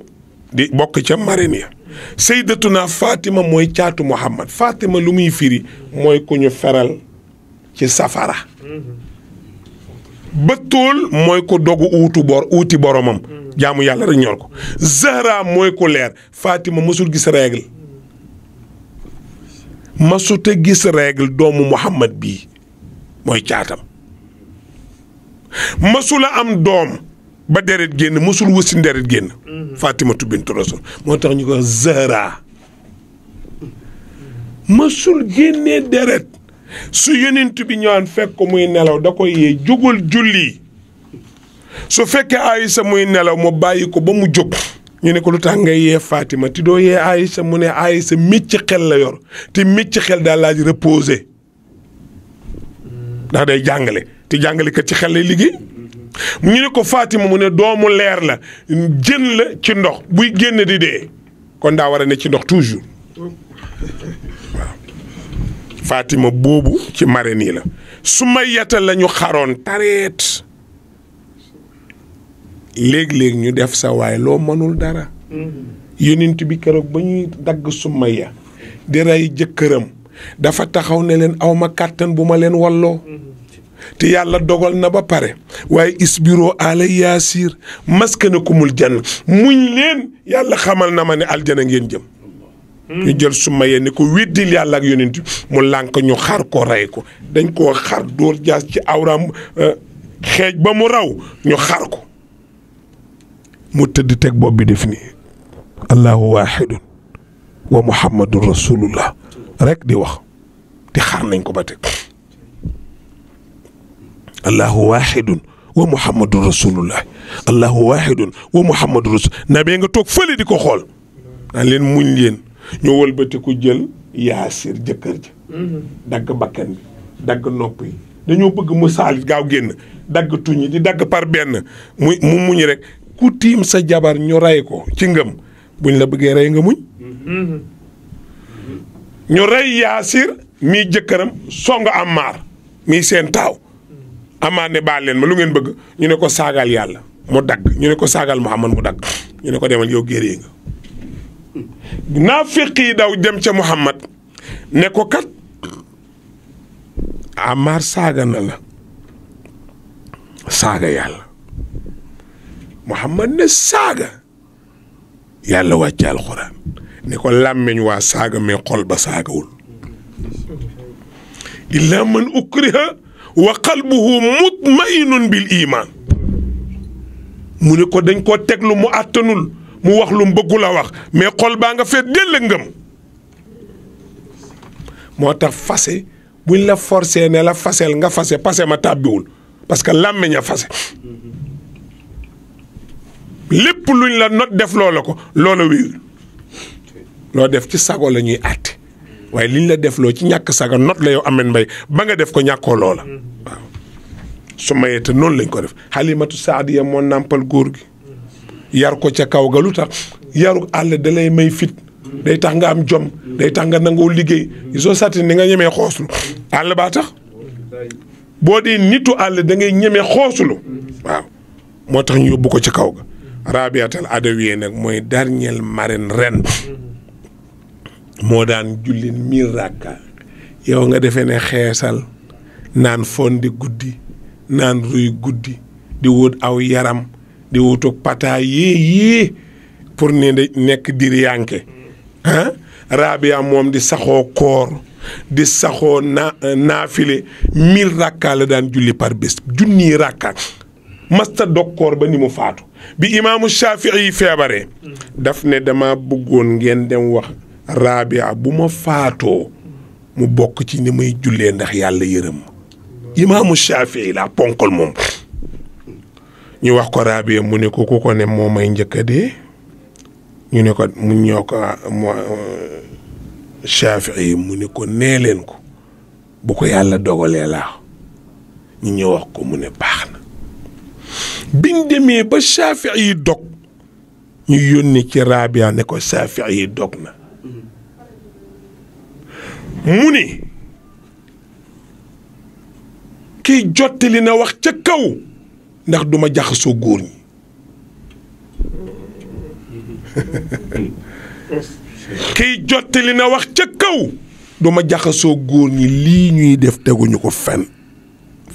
di bokk ca marine ya saydatuna faatima mooy caatu Muhammad Fatima lu muy firi mooy ku ñu feral ci safara bëttool mooy ko dogu uuti boromam jaamu yàlla rek ko Zahra mooy ko leer Fatima mësul gis règle mësut a gis règle doomu Muhammad bii mooy caatam mësula am doom ba deret génn mësul wasin deret génn. Mhm. Fatimatu bintu Rasul moo tax ñu ko Zahra mosul génnee deret su yonent bi ñëwaan fekk ko muy nelaw da koy yee jógal julli su fekkee Aïssa muy nelaw mu bàyyi ko ba mu jóg. ñu ne ko lu tax nga yee Fatima ti doo yee Aïssa mu ne Aïssa micc xel la yor te micc xel daal laaj reposé mhm. ndax day jàngale te jàngale kat ci xel lay liggéey. Mhm. ñu ne ko Fatima mu ne doomu leer la jën la ci ndox buy génn di dee kon daa war a ne ci ndox toujours faatima Fatima boobu ci mare nii la su may yata xaroon tareet léeg-léeg ñu def sa waay loo mënul dara yonent bi keroog ba ñuy dagg Sumayya di rey jëkkëram dafa taxaw ne leen awma kàttan bu ma leen walloo te yàlla dogal na ba pare waaye isbiroo ala yaasir maskanakumul jan muñ leen yàlla xamal na ma ne aljana ngeen jëm ñu jël suma yee ne ko weddil yàlla ak yonent mu lànk ñu xar ko rey ko dañ koo xar dóor jaas ci awraam euh, xeej ba mu raw ñu xar ko mu tëdd teg bopp bi def nii allahu waahidun wa muhammadun rasulullah rek di wax te xar nañ ko ba teg allahu wahidun wa muhammadu rasulullah allahu wahidun wa muhammadu rasul nabee nga toog fële di ko xool naan leen muñ leen ñoo wëlbati ko jël yaasir jëkkër ji dagg bakkan bi dagg nopp dañoo bëgg mu saalit gaaw génn dagg tuñ di dagg par benn mu mu muñ rek ku tiim sa jabar ñu rey ko ci ngëm buñ la bëggee rey nga muñ ñu rey yaasir mii jëkkëram song am maar mii seen taaw amaa ne baal leen ma lu ngeen bëgg ñu ne ko saagal yàlla mu dagg ñu ne ko saagaal Muhammad mu dagg ñu ne ko demal yow géeree nga naafiq yi daw jëm ca Muhammad ne ko kat Amar saaga na la saaga yàlla Muhammad ne saaga yàlla wàcce alxuraan ne ko làmmiñ waa saaga mais xol ba saagawul illaa man ukriha wa qalbuhu mutmainun bil iman mu ne ko dañ koo teg mu àttanul mu wax lu bëggul a wax mais xol baa nga fee dell ngëm moo tax fase buñ la forcé ne la fasel nga fase pase ma tàbbiwul parce que làmmeñ a fase lépp luñ la not def loola ko loola wéyul loo def ci sago la ñuy àtte waaye liñ la defloo ci ñàkk saga not la yow Ameth Mbaye ba nga def ko ñàkkoo loola mm-hmm. waaw su mayee te noonu lañ ko def Halimatu Saadiya moo nàmpal góor gi mm-hmm. yar ko ca kaw ga lu tax yaru àll da lay may fit mm-hmm. day tax nga am jom day tax nga nangoo liggéey soo sàtti ni nga ñemee xooslu àll baa tax boo dee nitu àll dangay ngay ñemee xooslu waaw moo tax ñu yóbbu ko ci kaw ga rabiatal adawiyee nag mooy dernier marraine ren moo daan julli mille ràkka yow nga defe ne xeesal naan fondi guddi naan ruy guddi di wut aw yaram di wutuk pata yée yée pour ne de nekk diriyanke ah moom di saxoo koor di saxoo naafile mille rakka daan julli par bés junniy rakka masta dog koor ba ni mu faatu bi imaamu Shafii feebaree daf ne dama bëggoon ngeen dem wax raabia bu ma faatoo mu bokk ci ni may jullee ndax yàlla yërëm imaamu Shafii laa ponkal moom ñu wax ko raabia mu ne ko ku ko ne moo may njëkk a dee ñu ne ko mu ñoo ko Shafii mu ne ko nee leen ko bu ko yàlla dogalee laa ñu ñëw wax ko mu ne baax na biñ ba Shafii yi dog ñu yónni ci raabia ne ko Shafii yi dog na mu ni kiy jottali na wax ca kaw ndax duma jaxasoo góor ñi na wax ca kaw duma jaxasoo góor ñi lii ñuy def teguñu ko fenn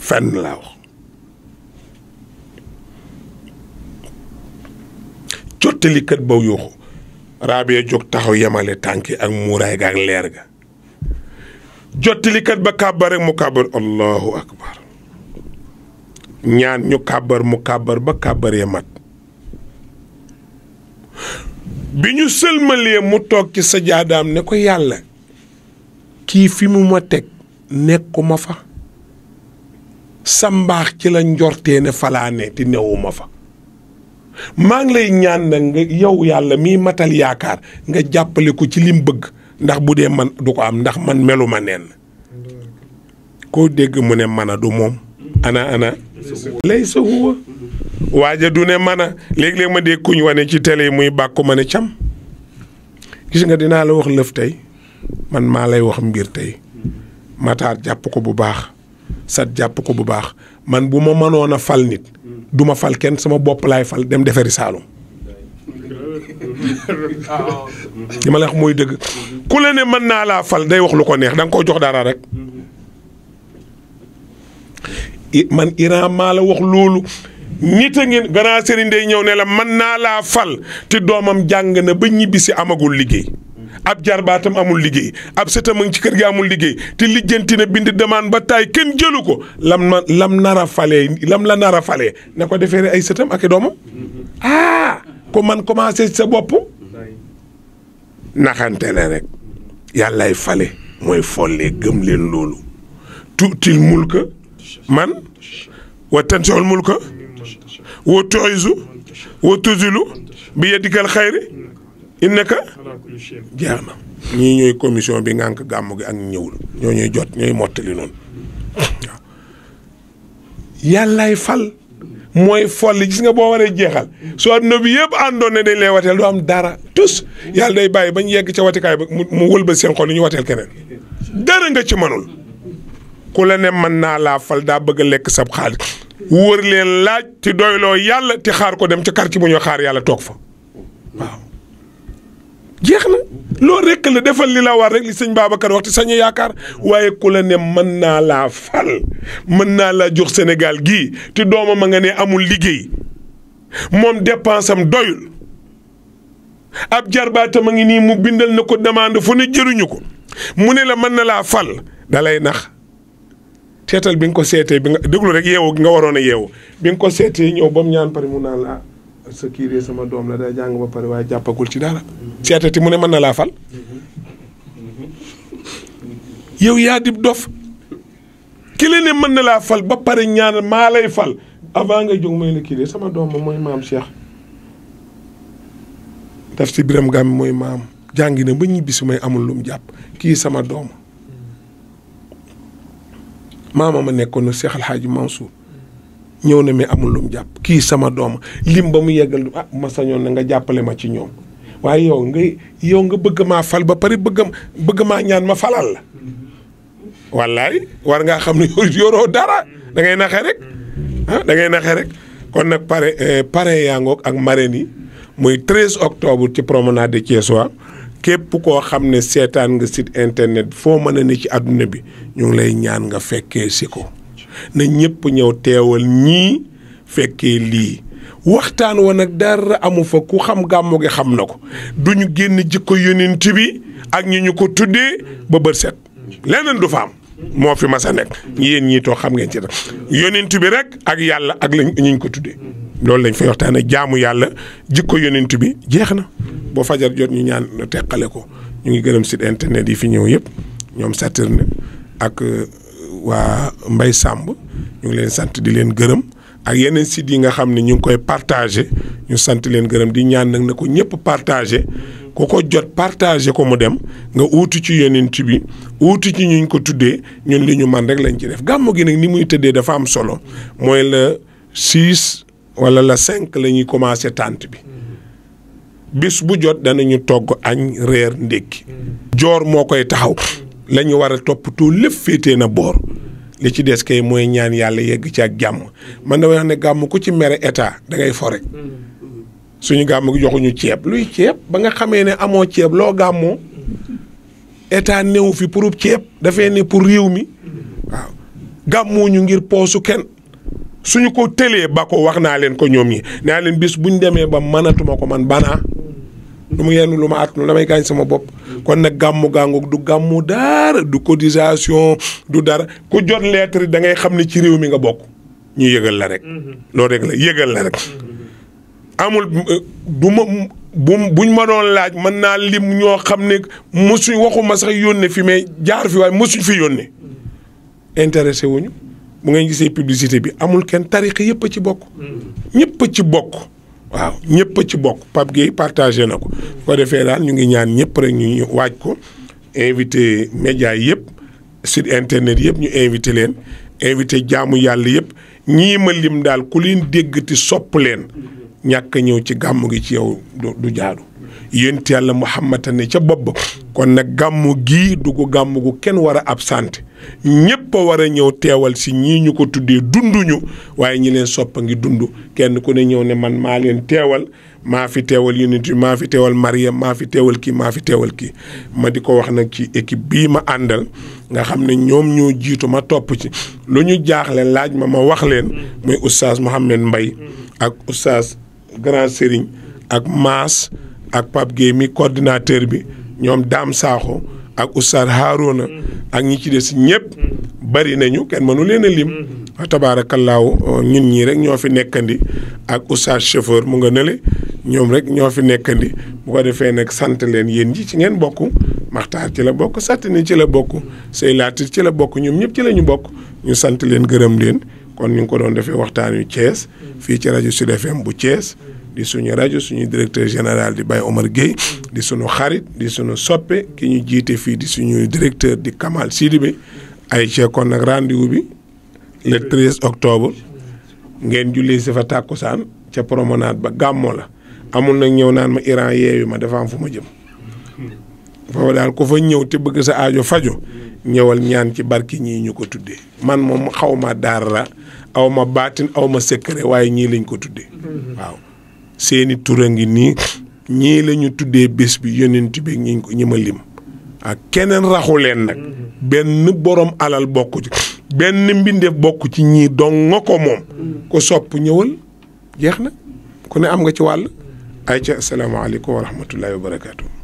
fenn laa wax jottalikat ba yuuxu raabee jóg taxaw yemale tànki ak muuraay ga leer ga jottalikat ba kàbbar rek mu kàbbar allahu akbar ñaan ñu kàbbar mu kàbbar ba kàbbar ya mat bi ñu sëlmalee mu toog ci sajaadaam ne ko yàlla kii fi mu ma teg nekkuma fa sa mbaax ci la njortee ne falaane te newuma fa maa lay ñaan na nga yow yàlla miy matal yaakaar nga jàppale ko ci lim bëgg ndax bu dee man du ko am ndax man melu ma neen koo dégg mu ne man a du moom ana ana lay sa huwa waaja du ne man a léegi léeg ma dee kuñ wane ci télé yi muy bàkku ma ne cam gis nga dinaa la wax lëf tey man maa lay wax mbir tey mataar jàpp ko bu baax sat jàpp ko bu baax man bu ma mënoon a fal nit duma fal kenn suma bopp laay fal dem defari saalum li ma mooy dëgg ku la ne mën naa laa fal day wax lu ko neex danga nga koo jox dara rek. man Iran maa la wax loolu nit a ngeen grand sëriñ day ñëw ne la man naa laa fal te doomam jàng na ba ñibbi si amagul liggéey. ab jarbaatam amul liggéey ab sëtam a ngi ci kër gi amul liggéey te lijjanti na bind demande ba taay kenn jëlu ko lam na lam nar a falee lam la nar a falee na ko defee ay sëtam ak i doomam ah! ku man commencé sa bopp naxante la rek yàllaay fale mooy follee gëm leen loolu tuutil mulka man wa tansiul mulka wa tuizu wa tuzilu bi yadikal xayri innaka jeex na ñii ñooy commission bi ngànk gàmmu gi ak ñëwul ñoo ñuy jot ñooy mottali noonu waaw yàllaay fal mooy folli gis nga boo waree jeexal soo adduna bi yëpp àndoon ne dañ lay wateel du am dara tous yàlla day bàyyi ñu yegg ca watikaay ba mu wëlba seen xol yi ñu wateel keneen dara nga ci manul ku la mën naa laa fal daa bëgg a lekk sab xaalis wër leen laaj ti doyloo yàlla ti xaar ko dem ca quartier bu ñoo xaar yàlla toog fa jeex na loolu rekk la defal li la war rek li sëñ Babacar wax te sañ yaakaar waaye ku la ne mën naa laa fal mën naa laa jox Sénégal gii te doomam a nga ne amul liggéey moom dépense am doyul ab jarbaatam a ngi nii mu bindal na ko demande fu ne jëruñu ko mu ne la mën na laa fal da lay nax seetal bi nga ko seetee bi nga déglu rek yeewu nga waroon a yeewu bi nga ko seetee ñëw ba mu ñaan pare mu naan laa sa kii de sama doom la day jàng ba pare waaye jàppagul ci dara. seetati mu ne mën na laa fal. yow yaa dib dof. ki la ne mën na laa fal ba pare ñaan maa lay fal avant nga jóg mooy la kii de sama doom mooy maam Cheikh. daf si biram gam mooy maam jàngi na ba ñibbi su may amul lum jàpp kii sama doom ma maama ma nekkoon na Cheikh Al suuf ñëw na mais amul lu jàpp kii sama doom lim ba mu yeggal ah ma sañoon na nga jàppale ma ci ñoom waaye yow nga yow nga bëgg maa fal ba pare bëgg bëgg maa ñaan ma falal la. wallaay war ngaa xam ne yoroo dara da ngay naxee rek ah da ngay naxee rek kon nag pare eh, pare yaa ngoog ak marraine yi muy 13 octobre ci promenade de Thiessois képp koo xam ne seetaan nga site internet foo mën a ne ci àdduna bi ñu lay ñaan nga fekkee si ko. na ñëpp ñëw teewal ñii fekkee lii waxtaan wa nag dara amu fa ku xam gàmmu gi xam na ko du ñu génn jikko yonent bi ak ñu ñu ko tuddee ba bër set leneen du fa am moo fi mas a nekk yéen ñii too xam ngeen ci dara yonent bi rek ak yàlla ak lañ ñu ko tuddee loolu lañ fay waxtaanee jaamu yàlla jikko yonent bi jeex na boo fajar jot ñu ñaan teqale ko ñu ngi gërëm si internet yi fi ñëw yëpp ñoom Saturne ak. waa mbay Samb ñu ngi leen sant di leen gërëm ak yeneen sites yi nga xam ne ñu ngi koy partagé ñu sant leen gërëm di ñaan nag na ko ñëpp partagé ko ko jot partagé ko mu dem nga uuti ci yeneen bi uuti ci ñuñ ko tuddee ñun li ñu man rek lañ ci def gàmmu gi nag ni muy tëddee dafa am solo mooy la 6 wala la 5 la ñuy commencé tànt bi bis bu jot danañu togg añ reer ndékki mm-hmm. joor moo koy taxaw lañu war a toppatoo lépp féetee na boor li ci des kay mooy ñaan yàlla yegg ci ak jàmm man dama wax ne gàmmu ku ci mere état da ngay fo rek suñu gàmm gi joxuñu ceeb luy ceeb ba nga xamee ne amoo ceeb loo gàmmoo état néew fi pour ceeb dafay ne pour réew mi waaw gàmmoo ngir poosu kenn suñu ko tëlee ba ko wax naa leen ko ñoom ñi naa leen bis buñ demee ba mënatuma ko man banaa lu mu yenn lu ma àtt la may gaañ sama bopp kon nag gàmmu gàngu du gàmmu dara du cotisation du dara ku jot lettre da ngay xam ni ci réew mi nga bokk ñu yëgal la rek. Mhm. loolu rek la yëgal la rek. amul du ma ma doon laaj mën naa lim ñoo xam ne mosuñ waxuma sax yónne fi mais jaar fi waaye mosuñ fi yónne intéressé wuñu bu ngeen gisee publicité bi amul kenn tarixa yëpp a ci bokk. Mhm. ñëpp a ci bokk. waaw ñëpp ci bokk Pape Gueye partagé na ko. bu ko defee daal ñu ngi ñaan ñëpp rek ñu waaj ko invité média yëpp sur internet yëpp ñu invité leen invité jaamu yàlla yëpp ñii ma lim daal ku leen dégg ti sopp leen ñàkk ñëw ci gàmmu gi ci yow du jaadu. yént yàlla Muhammad ne ca bopp ba kon nag gàmmu gii du ko gàmm gu kenn war a absente ñëpp a war a ñëw teewal si ñii ñu ko tuddee dunduñu waaye ñi leen sopp a ngi dund kenn ku ne ñëw ne man maa leen teewal maa fi teewal unit bi maa fi teewal Mariam maa fi teewal kii maa fi teewal kii ma di ko wax nag ci équipe bii ma àndal nga xam ne ñoom ñoo jiitu ma topp ci lu ñu jaaxle laaj ma ma wax leen muy oustaz Mouhamed mbay ak oustaz Grand Serigne ak Maas ak Pape Gueye mi coordinateur bi ñoom daam Sakho ak Oustaz Harouna ak ñi ci des ñëpp bari nañu kenn mënu leen a lim tabaarakallaahu ñun ñii rek ñoo fi nekkandi ak Oustaz chauffeur mu nga nële ñoom rek ñoo fi nekkandi bu ko defee nag sant leen yéen ji ci ngeen bokk Maxtaar ci la bokk Satini ci la bokk Sey Latir ci la bokk ñoom ñëpp ci la ñu bokk ñu sant leen gërëm leen kon ñu ngi ko doon defee waxtaan yu Thiès fii ci rajo Sud FM bu Thiès. di suñu rajo suñu directeur général di Baye Omar Gueye di suñu xarit di suñu soppe ki ñu jiite fii di suñu directeur di Kamal Sidibé ay ceekoon nag rendez bi le 13 octobre ngeen jullee si fa tàkkusaan ca promenade ba gàmmoo la amul nag ñëw naan ma Iran yeewi ma dafa am fu ma jëm foofu daal ku fa ñëw te bëgg sa aajo fajo ñëwal ñaan ci barki ñii ñu ko tuddee man moom xaw ma daara aw ma baatin aw ma secret waaye ñii lañ ko tuddee waaw seeni tur a ngi nii ñii lañu tuddee bés bi yonent bi ñi ñi ma lim ak keneen raxu leen nag benn borom alal bokk benn mbindeef bokk ci ñii don nga ko moom ko sopp ñëwal jeex na ku ne am nga ci wàll ay ca asalaamaaleykum wa rahmatullahi wa barakaatu.